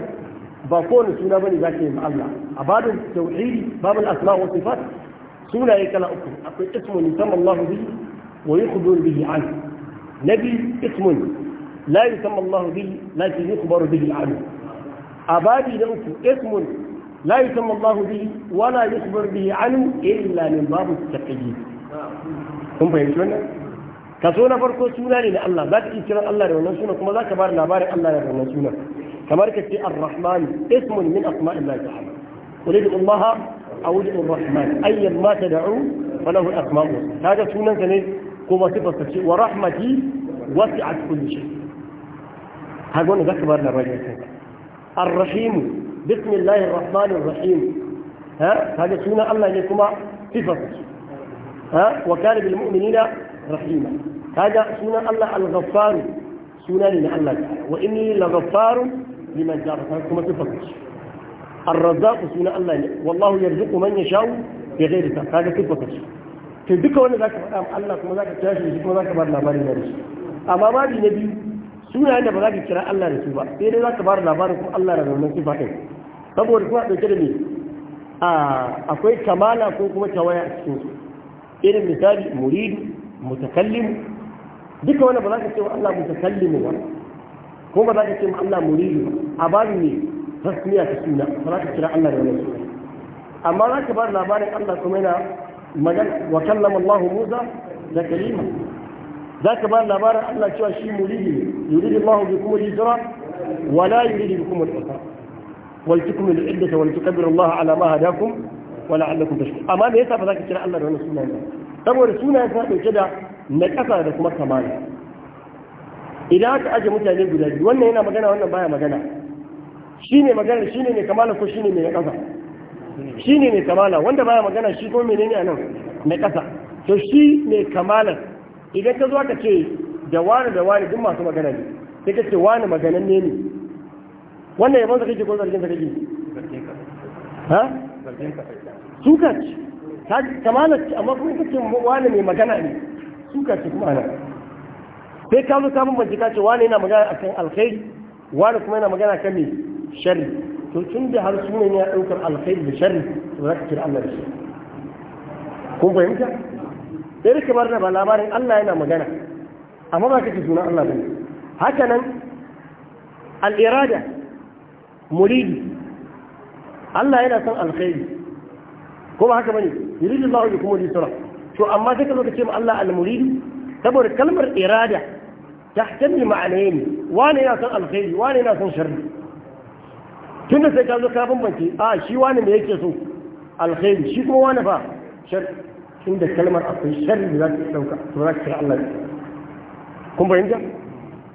ba kowane suna bane za ka yi ma Allah a babin tauhidi babul asma wa kala uku akwai ismun yusamma Allah bihi wa yukhbir bihi nabi ismun la yusamma Allah bihi lakin yukhbaru bihi al abadi dan ku ismun la yusamma Allah bihi wa la yukhbaru bihi alim illa babu taqyid kun fahimci na farko suna ne na Allah za ka iya kiran Allah da wannan suna kuma za ka bada labarin Allah da wannan suna kamar ka ce ar min asma'illahi ta'ala qul id'u Allah aw id'u ar-rahman ayyan ma tad'u فله الأسماء هذا سنن كما صفة ورحمتي وسعت كل شيء har wani zaka bar da rage kai ar-rahim bismillahir rahmanir rahim ha kaga sunan Allah ne kuma sifar ha wa kana bil mu'minina rahima kaga sunan Allah al-ghaffar sunan ne Allah wa la kuma الرزاق سنة الله والله يرزق من يشاء بغير حساب هذا كيف تفسير to duka wanda zaka faɗa ma Allah kuma zaka tashi shi kuma zaka bar labarin da shi amma na biyu sunayen da ba za ka kira Allah da su ba sai dai za ka bada labarin ko Allah da wannan sifa ɗin saboda kuma ɗauke da me akwai kamala ko kuma tawaya a cikin su irin misali muridu mutakallimu duka wani ba za ka ce wa Allah mutakallimu ba ko ba za ka ce wa Allah muridu ba a babu ne rasmiya ta suna ba za ka kira Allah da wannan suna amma za ka bada labarin Allah kuma yana magana wa kallama Allah Musa da kalima za ka ba labarin Allah cewa shi muridi ne yuridi Allahu bikum al-hijra wa la yuridi bikum al-usra wal tukmil al-iddata wal tukabbiru Allah ala ma hadakum wa la'allakum tashkurun amma me yasa ba za ka kira Allah da wannan sunan ba saboda sunan sa dauke da na kasa da kuma kamala idan aka aje mutane guda biyu wannan yana magana wannan baya magana shine magana shine ne kamala ko shine ne na kasa shine ne kamala wanda baya magana shi ko menene anan na kasa to shi ne kamalar idan ka zo ka ce da wani da wani duk masu magana ne sai ka ce wani maganan ne ne wannan yabon sa kake ko zargin sa kake ha suka ce ta kamala ci amma kuma ce wani mai magana ne suka ce kuma ana sai ka zo ka mun bincika ce wani yana magana akan alkhairi wani kuma yana magana kan me sharri to tun da har sunan ya daukar alkhairi da sharri to za ka kira Allah da shi kun fahimta da rike barna ba labarin Allah yana magana amma ba kake suna Allah bane haka nan al-irada muridi Allah yana son alkhairi ko ba haka bane yuridu Allah bikum al-yusra to amma sai ka zo ka ma Allah al-muridi saboda kalmar irada ta tahtamil ma'anayn wani yana son alkhairi wani yana son sharri tunda sai ka zo ka bambance a shi wani me yake so alkhairi shi kuma wani fa sharri inda kalmar akwai sharri da za ta ɗauka to za ka kira Allah ne kun fahimta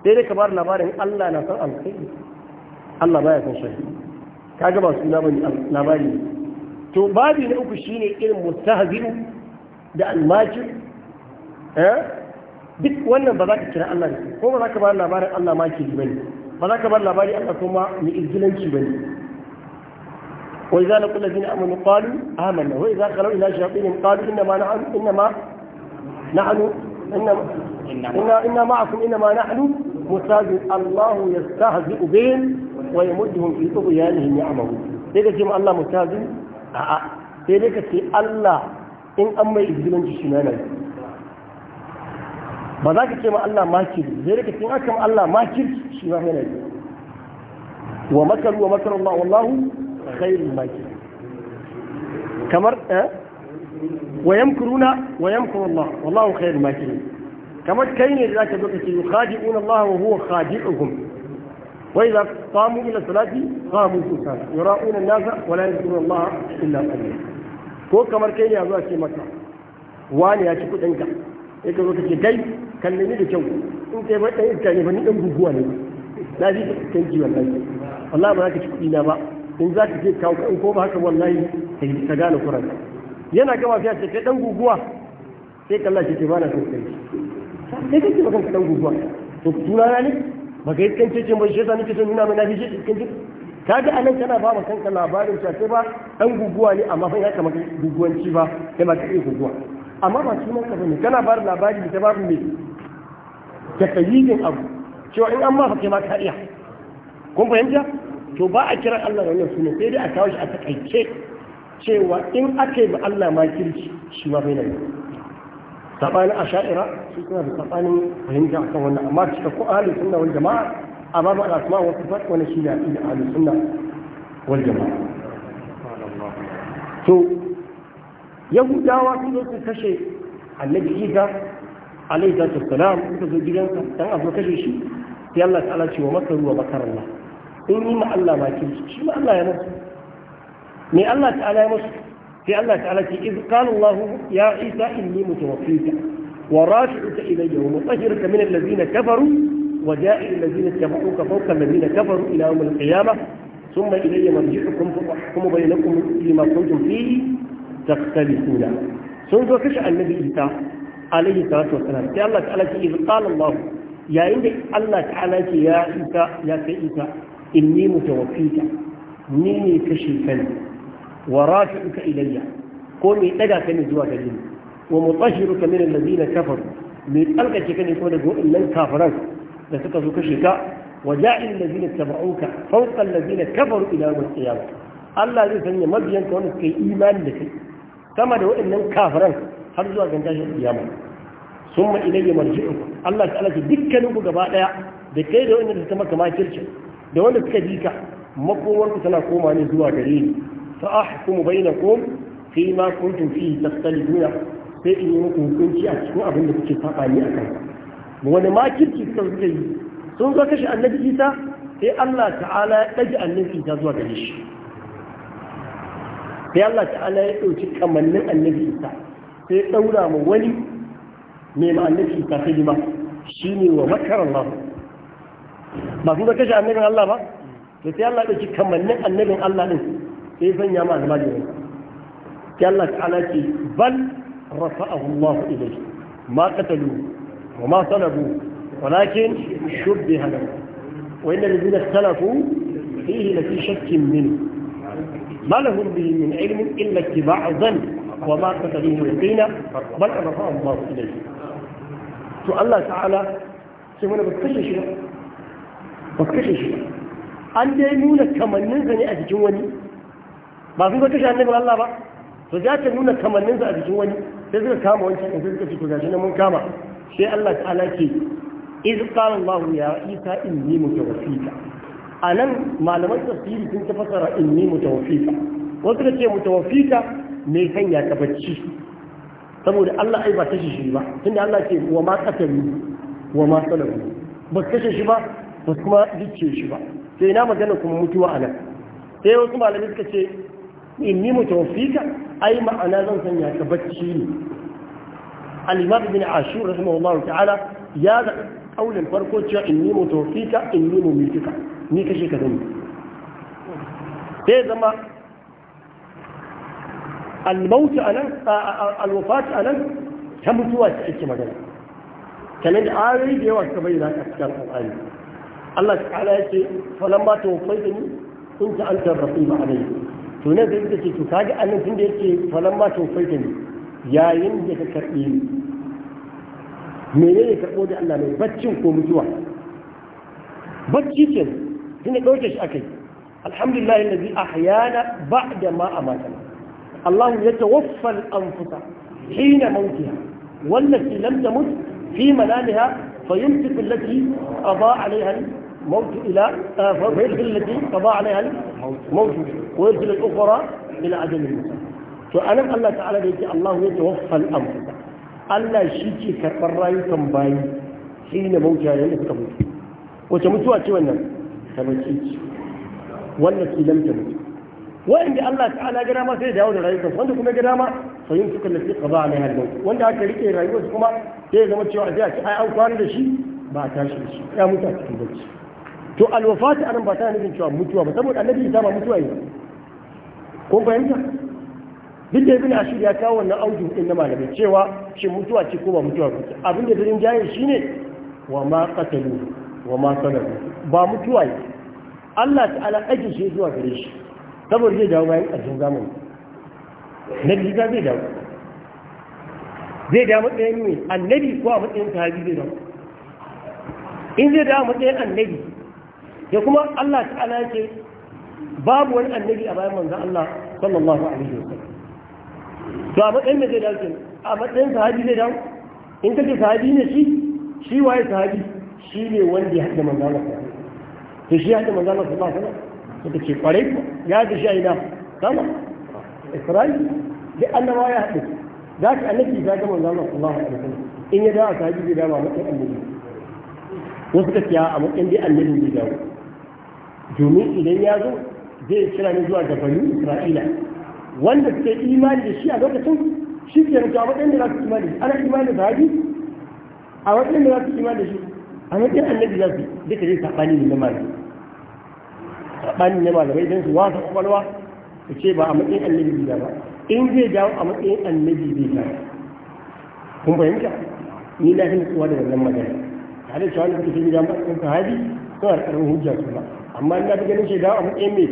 sai dai ka ba labarin Allah na san alkhairi Allah baya san sharri kaga ba su labari labari to babi na uku shine irin mustahziru da almajir eh duk wannan ba za ka kira Allah ne ko ba za ka ba labarin Allah ma ke bane ba za ka ba labarin Allah kuma ni izgilanci bane وإذا لقوا الذين آمنوا قالوا آمنا وإذا خلوا إلى شياطينهم قالوا إنما نحن إنما نحن إنما إن إن معكم إنما نحن مستهزئ الله يستهزئ بهم ويمدهم في طغيانهم يعمهون إذا تيم الله مستهزئ أه, آه. ليك تي الله إن أما يجزلون جشمانا بذلك تيم الله ما كير ليك تيم أكم الله ما كير شمانا ومكروا ومكر الله والله ghairul maki kamar eh? wa yamkuruna wa yamkuru wallahu khairul kamar kai ne da zaka zo ka ce yukhadi'una Allah wa huwa khadi'uhum وإذا قاموا إلى الصلاة قاموا سكانا nasa الناس ولا يذكرون الله illa قليلا ko kamar kai ne a zuwa ce maka wani ya ci kudinka ya ka ce kai kalle ni da kyau in kai ba ɗan iska ne ba ni ɗan guguwa ne na ji kan ji wannan wallahi ba za ka ci kudina ba in za ka ce kawo in ko ba haka wallahi eh, ka gane kuran yana gama fiya ce kai dan guguwa sai kalla ce ce bana na kai sai kake ba kanka dan guguwa to tuna na ne ba kai kan ce mai shi yasa nake son nuna mai na fi shi kan kaga anan kana ba kanka labarin ta sai ba dan guguwa ne amma fa ya kama guguwanci ba kai ma kai guguwa amma ba sunan ka bane kana bar labari da babu me ta kayyin abu cewa in an ma fa kai ma ka iya kun fahimta to ba a kiran Allah da wannan suna sai dai a kawo shi a takaice cewa in aka yi ba Allah ma kirki shi ma bai nan sabanin asha'ira su suna da sabanin fahimta akan wannan amma cika ko ahalin sunna wal jama'a a babu al'asma wa sifat wani shi ne a cikin ahalin sunna wal jama'a to yahudawa su zo su kashe annabi isa alaihi salatu wassalam suka zo gidansa dan abu kashe shi sai Allah ta'ala ce wa makaru wa makarallah sun yi ma Allah makirci shi ma Allah ya musu me Allah ta'ala ya musu sai Allah ta'ala ce iz qala Allah ya Isa inni mutawaffika wa rafi'uka ilayya wa mutahhiruka min alladhina kafaru wa ja'il alladhina tabi'uka fawqa alladhina kafaru ila yawm al-qiyamah ثم إلي مرجعكم فأحكم بينكم فيما كنتم فيه تختلفون sun zo kashe annabi isa alaihi salatu wasalam sai Allah ta'ala ce idh qala Allah yayin da Allah ta'ala ce ya isa ya kai isa inni mutawaffika ni ne kashe kan wa rafi'uka ilayya ko mai daga ka ne zuwa gare ni wa mutashiruka min allazina kafaru mai tsalkace ka ne ko daga waɗannan kafiran da suka zo kashe ka wa ja'il allazina tabauka fawqa allazina kafaru ila yawm al-qiyamah Allah zai sanya mabiyanka wanda suka yi imani da kai sama da waɗannan kafiran har zuwa ganta shi kiyama summa ilayya marji'ukum Allah ta'ala ce dukkaninku gaba daya da kai da wanda suka kamar kirci. da wanda suka ji ka makomarku tana koma ne zuwa gare ni fa ahkumu bainakum fi ma kuntum fi tastalibuna sai in yi muku hukunci a cikin abin da kuke saba ni akan wani makirci suka suka yi sun zo kashe annabi isa sai Allah ta'ala ya ɗaji annabi isa zuwa gare shi sai Allah ta'ala ya ɗauki kamannin annabi isa sai ɗaura ma wani mai ma annabi isa hidima shine wa makarar Allah masu da kashe annabin Allah ba to sai Allah ɗauki kamannin annabin Allah ɗin sai sanya ma almali ne sai Allah ta'ala ce bal rafa'ahu Allah ilayhi ma qatalu wa ma salabu walakin shubbiha lahu wa inna alladhina ikhtalafu fihi lafi shakkin min. minhu ما لهم به من علم إلا اتباع الظن وما قتلوه يقينا بل رفعه الله إليه to Allah ta'ala sai wani bakashe shi ba ka kashe shi an dai nuna kamanninsa ne a jikin wani ba sun ga kashe annabi Allah ba to za ta nuna kamanninsa a jikin wani sai suka kama wancan sai suka ce to gashi mun kama sai Allah ta'ala ke iz qala Allah ya isa inni mutawaffika anan malaman tafsiri sun tafasara inni mutawaffika wasu da ce mutawaffika me sanya ka bacci saboda Allah ai ba ta shi ba tunda Allah ke wa ma qatalu wa ma salamu ba kashe shi ba ba kuma gicce shi ba sai ina magana kuma mutuwa a nan sai wasu malamai suka ce in ni mutawfika ai ma'ana zan sanya ka bacci ne al-imam ibn ashur rahimahullahu ta'ala ya da kaulin farko cewa in ni mutawfika in ni mumitika ni kashe ka zan sai zama al-maut anan al-wafat anan ta mutuwa ta ake magana kamar da ayoyi da yawa suka bayyana a cikin al'ayi Allah ta'ala ya ce falamma tawaffaytani kunta anta ar-raqib alayhi to ne da yake to kaga annan tunda yake falamma tawaffaytani yayin da ka karbe ni menene karbo da Allah mai baccin ko mutuwa bacci ce tunda dauke shi akai alhamdulillah alladhi ahyana ba'da ma amatana Allah ya tawaffa al-anfusa hina mautiha wallati lam tamut fi manamiha فيمسك التي أضاء عليها موت إلى فيدخل التي قضى عليها الموت ويرسل الأخرى إلى عدم الموت فأنا الله تعالى بيتي الله يتوفى الأمر Allah shi ke karɓar rayukan bayi shi ne mauta yayin da suka mutu wace ce wannan ta baki ce wannan ke lamta mutu wa'inda Allah ta'ala gada ma sai dawo da rayukan wanda kuma gada ma fahim suka lafi qada alai hal maut wanda aka rike rayuwar kuma sai zama cewa sai a da shi ba a tashi da shi ya mutu a cikin to alwafati anan ba tana nufin cewa mutuwa ba saboda annabi ya ba mutuwa yi kun fahimta duk da ibn ashir ya kawo wannan auju din na malamai cewa shin mutuwa ce ko ba mutuwa ba abin da dirin shi shine wa ma qatalu wa ma salabu ba mutuwa yi. Allah ta'ala ake shi zuwa gare shi saboda zai dawo bayan ajin zamani nabi isa zai dawo zai dawo matsayin mai annabi ko a matsayin sahabi zai dawo in zai dawo matsayin annabi da kuma Allah ta'ala ce babu wani annabi a bayan manzon Allah sallallahu alaihi wasallam to a matsayin da zai dace a matsayin sahabi zai dawo in kace sahabi ne shi shi waye sahabi shi ne wanda ya hada manzon Allah to shi ya hada manzon Allah sallallahu alaihi wasallam to ce kwarai ya da shi a ina sama Isra'il da annabawa ya haɗu za ka annabi ta ga manzon Allah sallallahu alaihi wasallam in ya dawo sahabi zai dawo a matsayin annabi wasu ka a matsayin dai annabi zai dawo domin idan ya zo zai kira ne zuwa da bani isra'ila wanda suke imani da shi a lokacin shi ke rike a waɗanda za su imani ana imani da sahabi a waɗanda za su imani da shi a matsayin annabi za su duka zai saɓani ne na malamai saɓani ne malamai don su wasa kwakwalwa su ce ba a matsayin annabi zai ba in zai dawo a matsayin annabi zai dawo kun fahimta ni na fi nutsuwa da wannan magana tare da cewa da kuke gida matsayin sahabi suna da ƙarfin hujja su ba amma ina ta ganin shaida a matsayin mai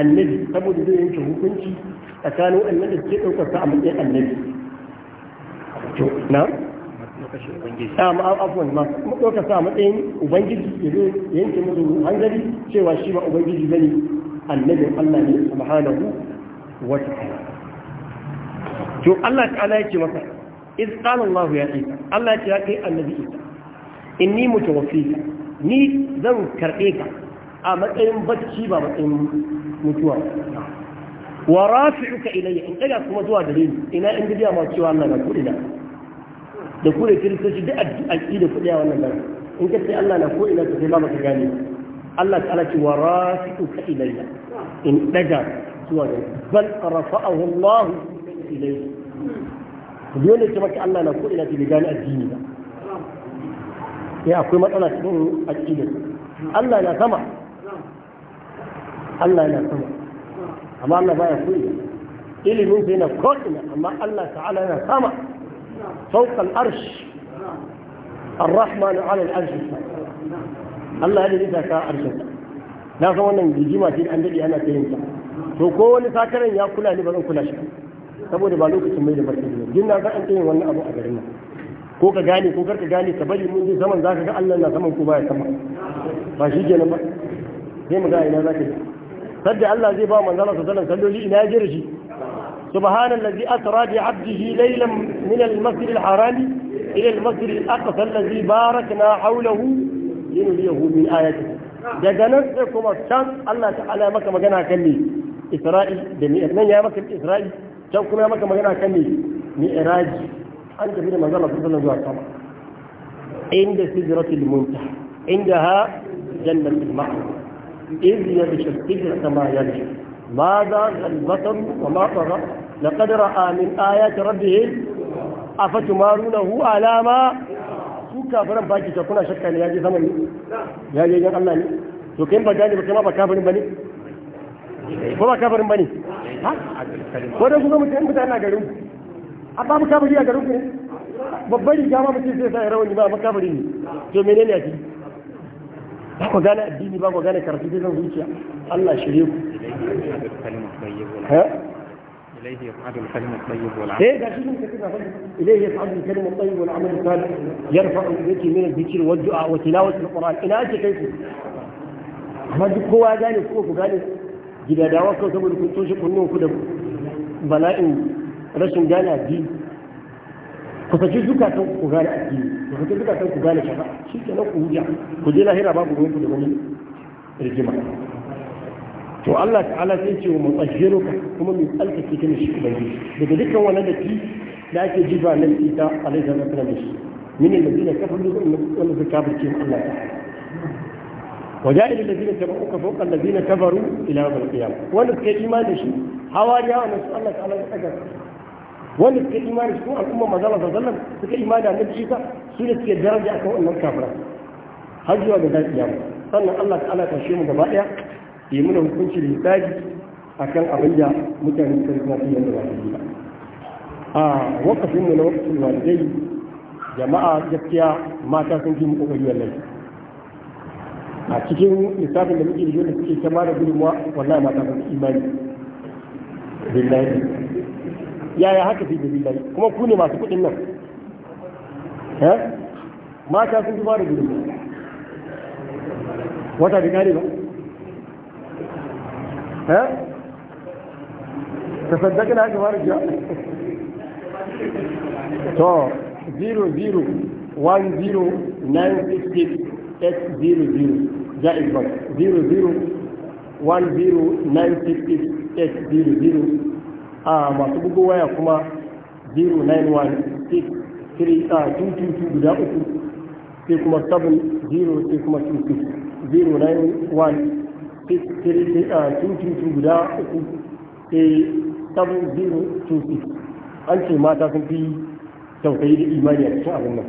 annabi saboda zai yanke hukunci tsakanin annabi da ke ɗaukar sa a matsayin annabi na a ma'afuwan ma ɗaukar sa a matsayin ubangiji ya zai yanke musu hanzari cewa shi ba ubangiji ba ne annabin allah ne subhanahu wa ta'ala to allah ta'ala yake masa iz qala allah ya isa allah ya ce ya kai annabi isa inni mutawaffika ni zan karɓe ka a matsayin bacci ba matsayin mutuwa wa rafi'uka ilayya in ɗaga kuma zuwa gare ni ina in bidiya ma cewa Allah na kuɗi da da kuɗe kiristoci duk addu'aƙi da kuɗi a wannan nan in ka ce Allah na ko ina ka sai ba maka gane Allah ta'ala ce wa rafi'uka ilayya in ɗaga zuwa gare bal rafa'ahu Allah ilayya dole ce maka Allah na ko ina ka gane addini ba ya eh, akwai matsala cikin aƙidar Allah na sama Allah yana sama amma Allah baya koyi ilimin sa yana ko'ina amma Allah ta'ala yana sama فوق الأرش الرحمن على الأرش Allah ya da ka arshin na san wannan gijima ce an dade ana tayin ta to ko wani sakaran ya kula ni ba zan kula shi saboda ba lokacin mai da barka ne din na ga an tayin wannan abu a garin nan ko ka gane ko karka gane ka bari mun je zaman zaka ga Allah na saman ko baya sama ba shi kenan ba sai mu ga ina zaka yi. sadda Allah zai ba manzon Allah sallallahu kalloli ina jira shi subhanallazi asra bi 'abdihi laylan min al-masjid al-haram ila al-masjid al-aqsa allazi barakna hawlahu linuriyahu min ayatihi daga nan sai kuma can Allah ta'ala maka magana kan ne Isra'il da nan ya maka Isra'il can kuma ya maka magana kan ne mi'raji an tafi da manzon Allah sallallahu zuwa sama inda sidratul muntaha indaha jannatul ma'wa إذ يغشى السجن كما يغشى ماذا البصر وما طغى لقد رأى من آيات ربه baki ta kuna ya je sama ne ya je yan Allah ne to kai ba ba kai ma ba kafirin bane ko ba kafirin bane ha ko dan kuma mutum mutane a garin a babu kafiri a garin ku ne babbar riga ma mutum sai sai rawani ba ba kafiri ne to menene ya ci ba ku gane addini ba ku gane karfi da zuciya Allah shirye ku إليه يصعد الكلم الطيب والعمل إيه ده إليه يصعد الكلم الطيب والعمل الصالح يرفع الذكر من الذكر والدعاء وتلاوة القرآن إلى أنت كيف amma duk kowa gane ko ku gane gidadawa kawai saboda kun toshe kunnuwan ku da bala'in rashin gane addini ku saki zukatan ku gane addini ku saki zukatan ku gane shafa shi ke ku hujja ku je lahira babu ruwan ku da wani rigima to Allah ta'ala sai ce wa mutsajjiruka kuma mai tsalkake ta mishi ubangiji daga dukkan wannan da ki da ake jiba nan ita alaihi salatu wa sallam min alladhina kafaru wa lam yakafirtu Allah ta'ala وجائل الذين تبعوك فوق الذين كفروا الى يوم القيامه ونسك ايمان شيء حوالي وانا سؤال الله تعالى wanda suka imani su al'umma manzon Allah sallallahu suka imani da annabi Isa su ne suke daraja akan wannan kafiran har zuwa ga zaki yamu sannan Allah ta'ala ta shi mu gaba daya yi mana hukunci da hisabi kan abin da mutane suka yi su yadda ba su yi ba a wakafin mu na wakafin walidai jama'a gaskiya mata sun fi mu kokari wallahi a cikin lissafin da muke da yau da suke ta mara gudunmuwa wallahi mata sun imani billahi yaya haka fi billahi kuma ku ne masu kuɗin nan eh? mata sun fi da wata da gane ba eh? ta saddaka na haka fara to 00168800 jaiz bank 00168800 a masu bugu waya kuma 0916 ah, guda uku sai kuma 70 sai kuma 0916 ah, guda uku sai 7026 an ce mata sun fi tausayi da imani a cikin abin nan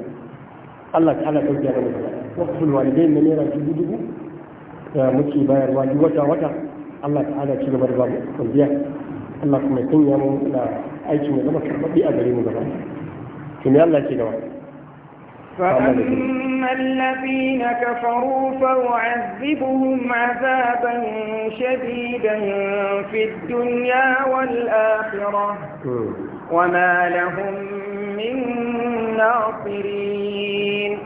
Allah ta ala tausayi da mutane wakfin walidai na naira dubu dubu da muke bayarwa wata wata Allah ta ala ci gaba da babu kwanziya Allah kuma sanya mu na aikin mu zama karɓaɓɓe a gare mu gaba to me Allah ke gaba فأما الذين كفروا فأعذبهم عذابا شديدا في الدنيا والآخرة وما لهم من ناصرين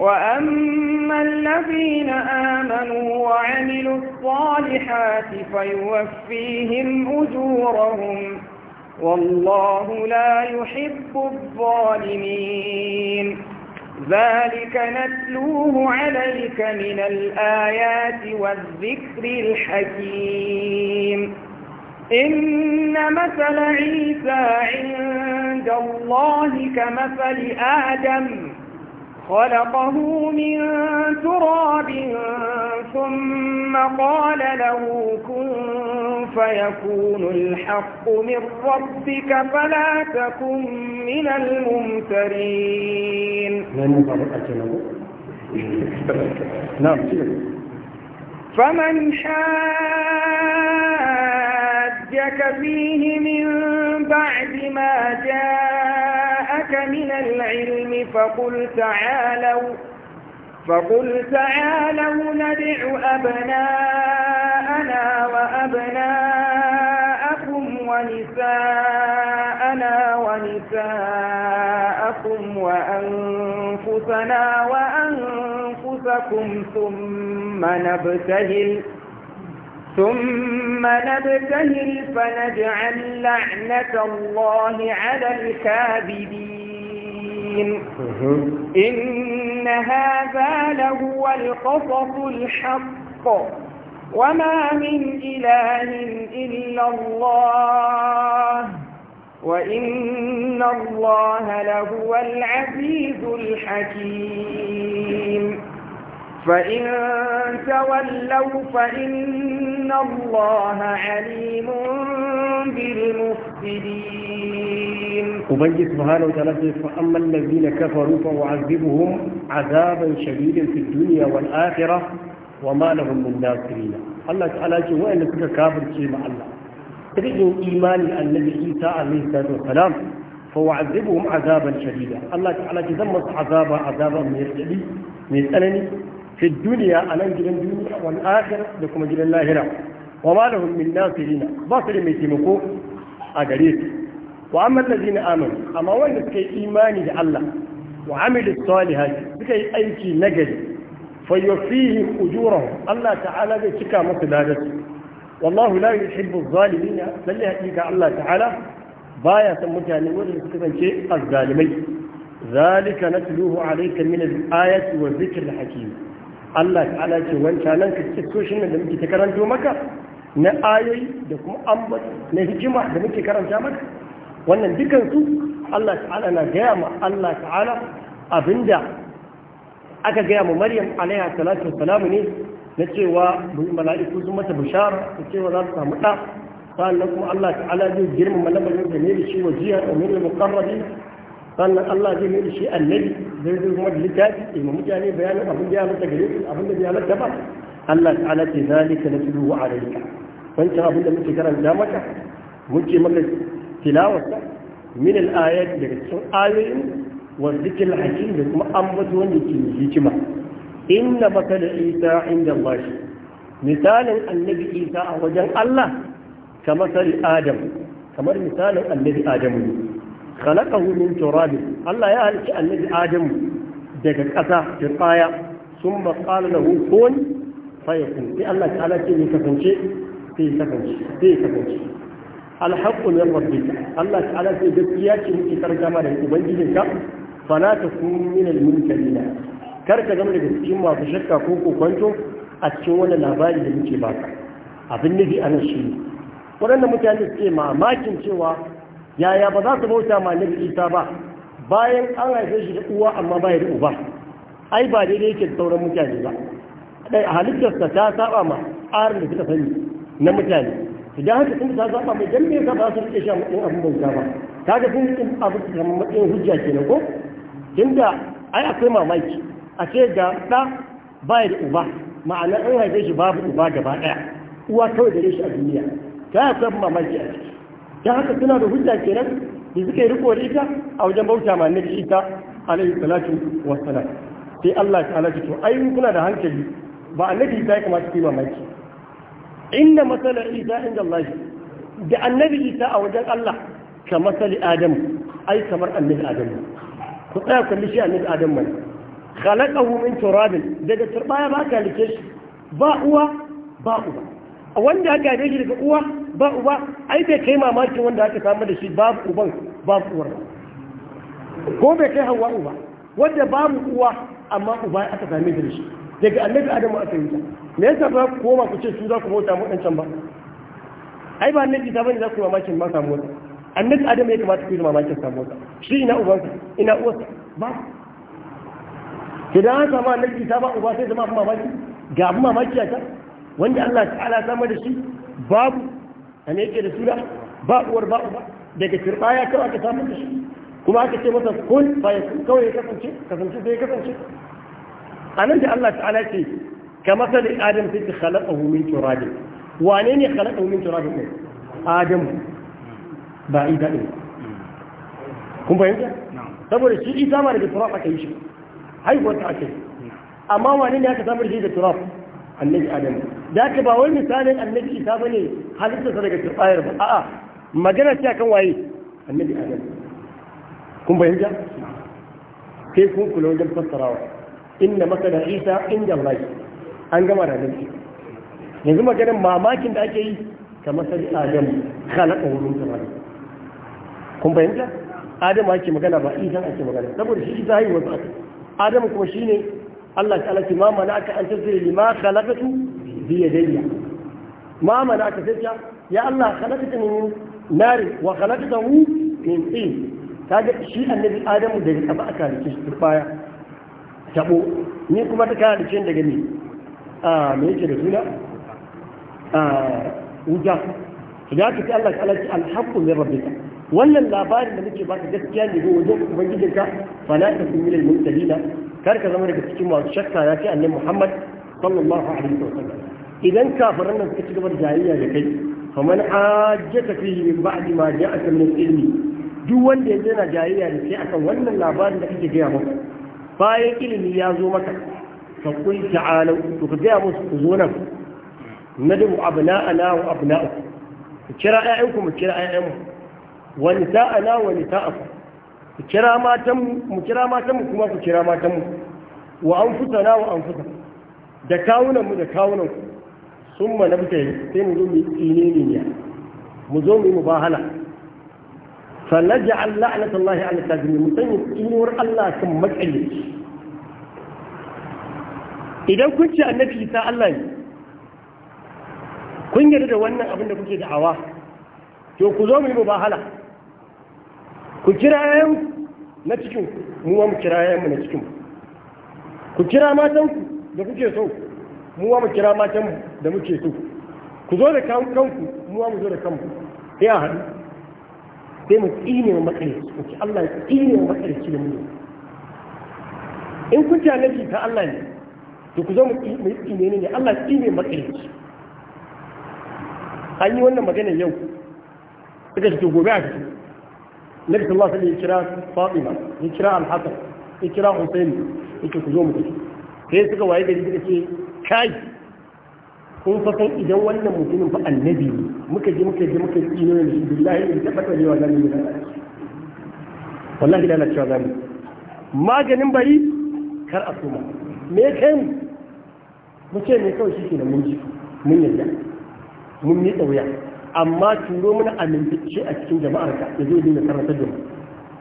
وأما الذين آمنوا وعملوا الصالحات فيوفيهم أجورهم والله لا يحب الظالمين ذلك نتلوه عليك من الآيات والذكر الحكيم إن مثل عيسى عند الله كمثل آدم خلقه من تراب ثم قال له كن فيكون الحق من ربك فلا تكن من الممترين نعم فمن حاجك فيه من بعد ما جاءك من العلم فقل تعالوا فقل تعالوا ندع أبناءنا وأبناءنا ونساءنا ونساءكم وأنفسنا وأنفسكم ثم نبتهل ثم نبتهل فنجعل لعنة الله على الكاذبين إن هذا لهو القصص الحق وما من إله إلا الله وإن الله لهو العزيز الحكيم فإن تولوا فإن الله عليم بالمفسدين أبي سبحانه وتعالى فأما الذين كفروا فأعذبهم عذابا شديدا في الدنيا والآخرة wa ma lahum min nasirina Allah ta'ala ce wa'anda suka kafirce ma Allah suka imani annabi Isa alaihi salatu wasalam fa wa'azibuhum azaban shadida Allah ta'ala ce zan masu azaba azaban mai tsadi mai tsanani fi duniya a nan gidan duniya wal akhirah da kuma gidan lahira wa ma min nasirina ba su da mai taimako a gare su wa amma allazina amanu amma wanda suka yi imani da Allah wa amilu salihati suka yi aiki nagari fayyafihim ujurahum Allah ta'ala zai cika masu ladarsu wallahu la yuhibbu zalimin lalle hakika Allah ta'ala baya san mutane wanda suka zance azzalimai zalika natluhu alayka min al-ayati wa dhikr al-hakim Allah ta'ala ce wancan nan ka cikin nan da muke ta karanto maka na ayoyi da kuma ambat na hikima da muke karanta maka wannan dukansu Allah ta'ala na gaya ma Allah ta'ala abinda aka gaya mu maryam alaiha salatu wassalamu ne na cewa mala'iku sun mata bishara ta cewa za su samu ɗa sannan kuma Allah ta'ala zai girmama lamarin da ne da shi wajiya da ne da muqarrabi sannan Allah zai mai da shi annabi zai zai kuma da littafi da mu mutane bayanin abin da ya halatta gare su abin da ya halatta ba Allah ta'ala ce zalika natluhu alayka wancan abin da muke karanta maka muke maka tilawarsa min al-ayat daga cikin ayoyin wa zikil hakim da kuma ambato wanda ke hikima inna matal isa inda Allah misalin annabi isa a wajen Allah kamar sari adam kamar misalin annabi adam ne khalaqahu min turab Allah ya halci annabi adam daga ƙasa turqaya thumma qala lahu kun fayakun sai Allah ta'ala ce ne kasance sai kasance sai kasance alhaqqu min Allah ta'ala ce gaskiya da fala ta kun min al kar ka gama daga cikin masu shakka ko kokonto a cikin wani labari da muke baka abin nufi a nan shi waɗannan mutane suke mamakin cewa yaya ba za su bauta ma nabi isa ba bayan an haife shi da uwa amma ba da uba ai ba daidai yake da sauran mutane ba dai halittarsa ta saba ma tsarin da suka sani na mutane idan haka sun ta saba mai dan me yasa ba su rike shi a matsayin abin bauta ba kaga sun abin da matsayin hujja kenan ko inda ai akwai mamaki a ce ga ɗa baya da uba ma'ana an haife shi babu uba gaba ɗaya uwa kawai da shi a duniya ta yi akwai mamaki a ciki ta haka suna da hujja kenan da suka yi riko da ita a wajen bauta ma annabi ita alaihi salatu wa salam sai Allah ta alaji to ai kuna da hankali ba annabi isa ya kamata kai yi mamaki inna masalar isa inda Allah da annabi isa a wajen Allah ka masali adam ai kamar annabi adamu ku tsaya kalli shi a nufi adam mai khalaqahu min turabin daga turbaya ba ka halice shi ba uwa ba uba wanda aka yi shi daga uwa ba uba ai bai kai mamakin wanda aka samu da shi babu uban babu uwar ko bai kai hawa uba wanda babu uwa amma uba aka same da shi daga annabi adamu aka yi ta me yasa ba ku koma ku ce su za ku mota mu dan can ba ai ba annabi ta bane za ku mamakin ba samu annabi adam ya kamata ku yi mamakin samu sa shi ina ubansa ina uwarsa ba idan an samu annabi ta ba uba sai zama mamaki ga abin mamaki a can wanda Allah ta'ala samar da shi babu a ne yake da suna ba uwar ba uba daga kirba ya kawai aka samar da shi kuma aka ce masa kun ba kawai ya kasance kasance sai ya kasance a nan da Allah ta'ala ce ka masalin adam sai ta khalaqa hu min turabin wane ne khalaqa hu min turabin ne adam ba ita ne, kun fahimta saboda shi Isa ma daga turaf aka yi shi haihuwar ta aka yi amma wani ne aka samar shi da turaf annabi adam da aka ba wai misalin annabi isa ba ne halittarsa daga turbayar ba a'a magana ce akan waye annabi adam kun fahimta Kai kun kula wajen fassarawa inna masala isa inda Allah an gama da annabi yanzu maganin mamakin da ake yi ka masali adam khalaqa wurin zamani kun fahimta adam ake magana ba isan ake magana saboda shi isa haihuwar ba adam kuma shine Allah ta alaki ma mana aka an tasiri lima khalaqatu bi yadayya ma mana aka sai ya Allah khalaqata min nari wa khalaqtahu min Ta kaga shi annabi adamu daga kaba aka rike shi baya Taɓo ni kuma ta kara rike daga ni a ah, me yake da suna a ah, wuta to da ka ce Allah ta alaki alhaqqu min ta. wannan labarin da muke baka gaskiya ne ko wajen ubangijinka fa la takun yi al-mumtalina kar ka zama daga cikin masu shakka na ce annabi Muhammad sallallahu alaihi wasallam idan kafiran nan suka ci gaba da jayayya da kai fa man ajjaka fihi min ba'di ma ja'aka min ilmi duk wanda yanzu yana jayayya da kai akan wannan labarin da kake gaya maka bayan ilimi ya zo maka fa qul ta'alu to ka gaya musu ku zo nan nadu abna'ana wa abna'ukum ku kira ƴaƴanku mu kira ƴaƴanmu wani ta'ana wani ku kira matanmu mu kira matanmu kuma ku kira matanmu wa an fusana wa an fusa da kawunanmu da kawunanku sun ma nabta yi sai mu zo mu tsine ne ne mu zo mu yi mu bahala falaja Allah ala tallahi mu sanya tsinuwar Allah kan matsayi idan kun ce annabi sa Allah ne kun yarda da wannan abin da kuke da'awa to ku zo mu yi mubahala ku kira yayan na cikin mu mu kira yayan mu na cikin ku kira matan ku da kuke so mu mu kira matan mu da muke so ku zo da kanku mu mu zo da kanku sai a haɗu sai mu tsine mu matsayi mu ci Allah ya tsine mu matsalaci da mu in kun ci annabi ta Allah ne to ku zo mu tsine ne Allah ya tsine mu matsayi an yi wannan magana yau daga cikin gobe a cikin nabi sallallahu alaihi wasallam ya kira Fatima ya kira Al-Hasan ya kira Hussein yake ku zo mu tafi sai suka waye gari suka ce kai kun fa san idan wannan mutumin fa annabi ne muka je muka je muka tsino ne billahi in tabbata ne wannan ne wallahi da Allah cewa zamu maganin bari kar a suma me kai mu ce kawai mun ji mun mun amma turo mana amintacce a cikin jama'ar ka da zai dinga karanta da mu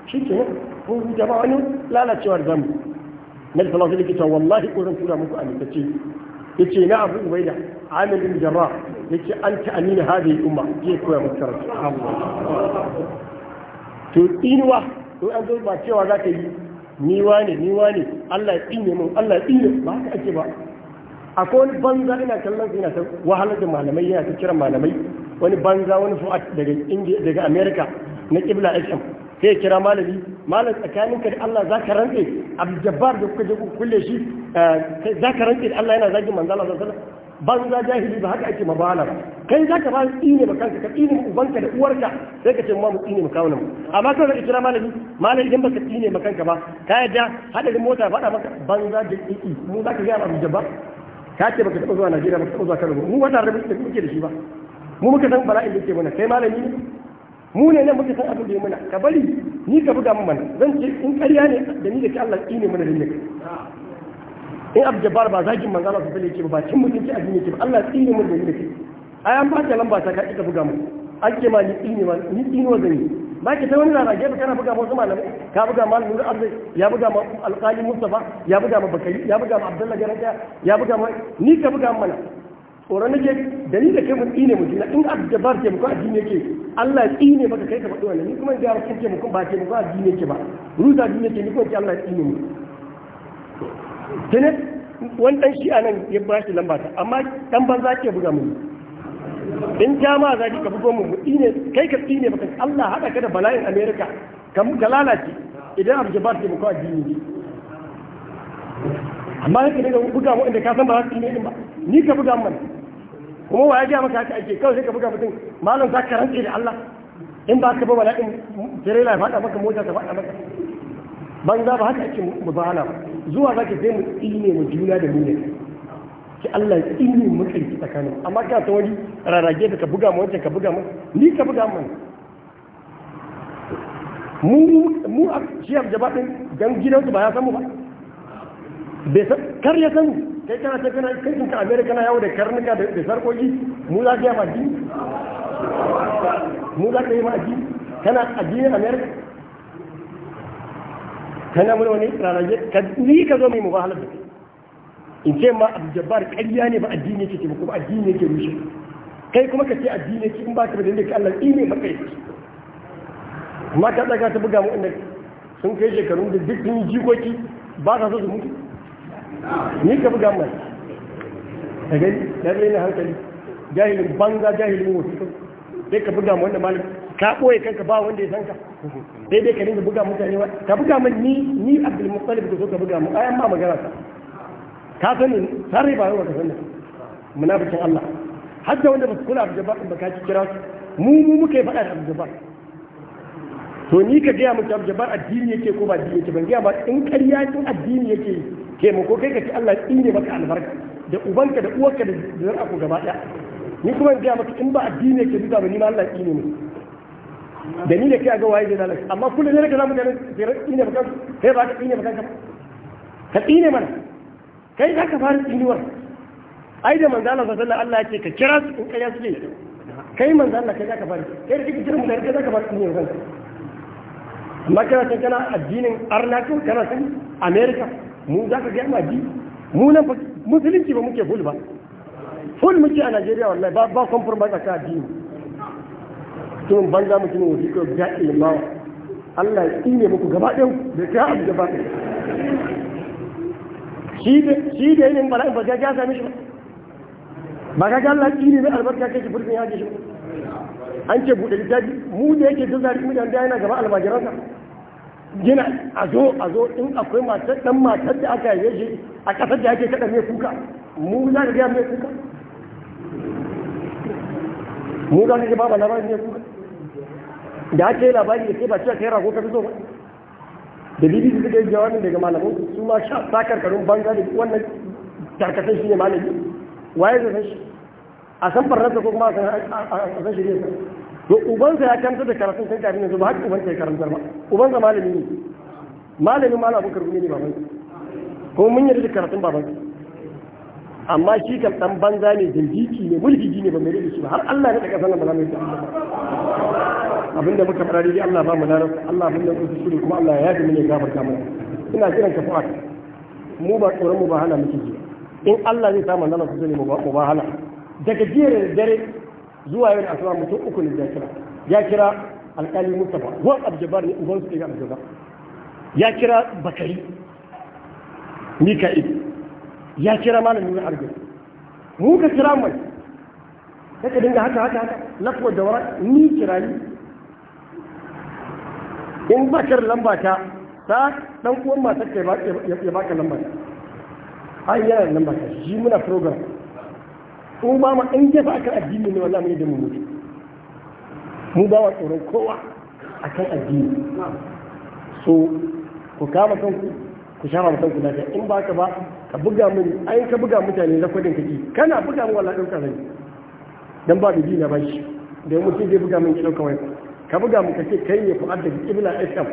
shi ke nan kun huta ba lalacewar zamu na da salatu likita wallahi ko zan tura muku amintacce yace na abu ubaida amil bin jarrah an ta amina hadi umma je koya muku karatu to tsinuwa to an zo ba cewa za ka yi wa ne wa ne Allah ya tsine mun Allah ya tsine ba haka ake ba akwai wani banza ina kallon su ina ta wahalar da malamai yana ta kiran malamai wani banza wani fu'ad daga daga america na kibla fm sai kira malami malam tsakaninka da Allah za ka rantse abjabbar da kuka je ku kulle shi eh, za ka rantse da Allah yana zagin manzo Allah banza jahili ba haka ake mabala kai za ka ba su tsine ba kanka ka tsine ubanka da uwarka sai ka ce mu mu tsine mu kawo mu amma kawai ka kira malami malami idan baka tsine ma kanka ba ka yadda hadarin mota faɗa maka banza da tsiki mu za ka ga abjabbar ka ce baka taɓa zuwa Najeriya baka taɓa zuwa Kano mu wannan rabin da kuke da shi ba mu muka san bala'in da ke mana kai malami ne mu ne nan muka san abin da ya mana ka bari ni ka buga mu mana zan ce in ƙarya ne da ni da ke Allah ƙi ne mana da kai in abu jabar ba ki manzo Allah sai alaihi ba cin mutunci a duniya ke ba Allah ƙi ne muna da ni da kai ai an ba ta lamba ta ka ka buga mu an ce ma ni ƙi ne ma ni ƙi ne ba ki ta wani rarage ba kana buga wasu malamai ka buga ma nuru arzai ya buga ma alƙali mustafa ya buga ma bakari ya buga ma abdullahi garanta ya buga ma ni ka buga mana tsoron nake dalil da kai mu tsine mu juna in abdabar ke muku addini yake Allah ya tsine maka kai ka faɗi wannan ni kuma da kake ko ba ke muku addini yake ba ruza addini yake ni kuma ce Allah ya tsine mu tene wani dan shi anan ya ba shi lamba ta amma dan banza ke buga mu in jama'a za ka bugo mu tsine kai ka tsine maka Allah haɗa ka da bala'in America ka lalace idan abdabar ke muku addini ne amma ka daga buga mu inda ka san ba za ka tsine din ba ni ka buga mu kuma ya gaya maka ake kawai sai ka buga mutum malam za ka rantse da Allah in ba ka ba bala'in tirela ya fada maka mota ta fada maka za ba haka ake mubala ba zuwa za ka sai mu tsine mu juna da mu ne ki Allah ya tsine mu kai tsakanin amma ka ta wani da ka buga mu wancan ka buga mu ni ka buga mu mu mu a shiyar jabatin dan gidansu ba ya san mu ba bai san kar ya san mu kai kana ta kana kai kinka america na yawo da karnuka da sarkoki mu za ka yi maji mu za ka yi maji kana ajiye america kana mun wani ranaje ka ni ka zo mai mubahala da in ce ma abu jabbar ƙarya ne ba addini yake ba kuma addini yake rushe kai kuma ka ce addini yake in ba ka da ka Allah ime ba kai kuma ka tsaka ta buga mu inda sun kai shekaru da dukkan jikoki ba ka so su mutu ni ka buga mai ta gani ya zai na hankali jahilin banza jahilin wasu dai ka buga wanda malik ka ɓoye kanka ba wanda ya san ka sai dai ka dinga buga mutane wa ka buga mai ni ni abdul muttalib ka zo ka buga mai ayan ma magana ta ka sani sarai ba yau ka sani munafikin Allah har wanda ba su kula abu jabbar ba ka kira su mu mu muka yi faɗa da abu jabbar to ni ka gaya mutum jabar addini yake ko ba addini yake ban gaya ba in karya in addini yake ko kai ka ci Allah in ne maka albarka da ubanka da uwarka da zan ku gaba ɗaya ni kuma in gaya maka in ba addini yake duka ba ni ma Allah in ne da ni da kai ga waye da lalaka amma kullum ne ka zamu da ne maka kai ba ka ne maka ka ka ne mana kai za ka fara tsinuwar ai da manzo Allah sallallahu Allah yake ka kira su in kai suke kai manzo Allah kai za ka fara kai da kike kira mu da kai za ka fara tsinuwar kanka amma kana san kana addinin arnatu kana san america mu za ka gaya ma ji mu nan musulunci ba muke full ba full muke a nigeria wallahi ba ba compromise akan addini tun banza mutum wuri ko ga ilmawa Allah ya tsine muku gaba ɗin da ka abu gaba ɗin shi da yin bala'in ba ga gasa mishi ba ba ga ga Allah tsine mai albarka kai ki furfin yaji shi ba an ce buɗe littafi mu da yake ta zari mu da yana gaba almajiransa gina a zo a zo in akwai matar dan matar da aka yi shi a ƙasar da ake kada mai kuka mu za ka gaya mai kuka mu za ka gaba ba labarin mai kuka da ake yi labari da ke ba cewa kai rago ka fito ba da bibi su suka yi jawabin daga malamun su ma sha sakarkarun banga da wannan tarkatan shi ne malami waye zai shi a san farnarsa ko kuma a san shirya to ubansa ya kanta da karatun sai kafin yanzu ba haka ubansa ya karanta ba ubansa malami ne malamin malam abubakar gumi ne baban ko mun yi da karatun baban amma shi kam dan banza ne dindiki ne mulhiji ne ba mai rike shi ba har Allah ya daga sanan ba za mu yi abinda muka fara dai Allah ba mu larar Allah abin da kuka shiri kuma Allah ya yaji mu ne gafarta mana ina kiran ka fa'at mu ba tsoron mu ba hana muke ji in Allah zai samu nan kusa ne mu ba mu ba hana daga jiyar dare zuwa yau da asuba mutum uku ne ya kira ya kira alƙali mustapha wan abjabar ne uban su ne abjabar ya kira bakari mika'il ya kira Malam na argin mu ka kira mai daga dinga haka haka haka lafuwa da wara ni kira ni in bakar lamba ta ta dan uwan matar ya baka lamba ta ai yana lamba ta shi muna program mu ba ma in jefa akan addini ne wallahi mun da mu mutu mu ba wa tsoron kowa akan addini so ku kama kanku ku shama kanku lafiya in ba ka ba ka buga mun ai ka buga mutane zakwadin kaji kana buga mun wallahi dauka rai dan ba dubi na ba shi, da ce zai buga mun ki dauka wai ka buga mun kace kai ne ku adda kibla islam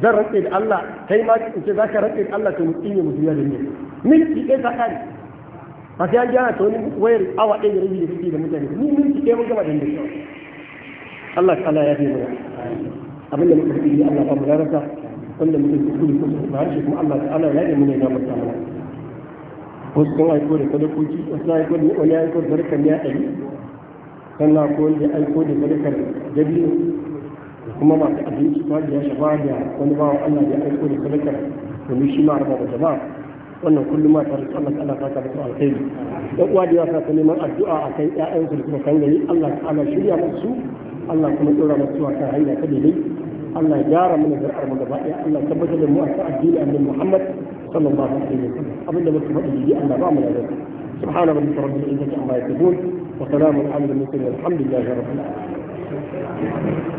zan rantsa da Allah kai ma kace zaka rantsa da Allah to mutum ne mu duniya da ni ki dai ka kai a sai ya gyara ta wani wayar awa ɗaya da rabi da suke da mutane ni minti ɗaya mun gama da inda Allah ta'ala ya fi mana abin da muka fi Allah ba mu rarasa wanda muka fi kuri ko su shi kuma Allah ta'ala ya yi mana ya mutum ta mana wasu kan aiko da sadakoki wasu aiko da wani aiko da zarkar ya ɗari sannan ko wanda aiko da sadakar dabino da kuma masu abinci ba da ya shafa da wani bawan Allah ya aiko da sadakar domin shi ma arba da jama'a wannan kullum ma ta Allah Allah ta tabbata alkhairi uwa da sa neman addu'a akan ƴaƴan su kuma kan Allah shirya musu Allah kuma tsora musu akan hanya ta daidai Allah ya gyara mana zar'ar mu gaba ɗaya Allah tabbatar da mu a addini annabi Muhammad sallallahu alaihi abinda muka faɗi ji Allah ba mu da zai سبحان ربك رب العزة عما يصفون وسلام على المرسلين والحمد لله رب العالمين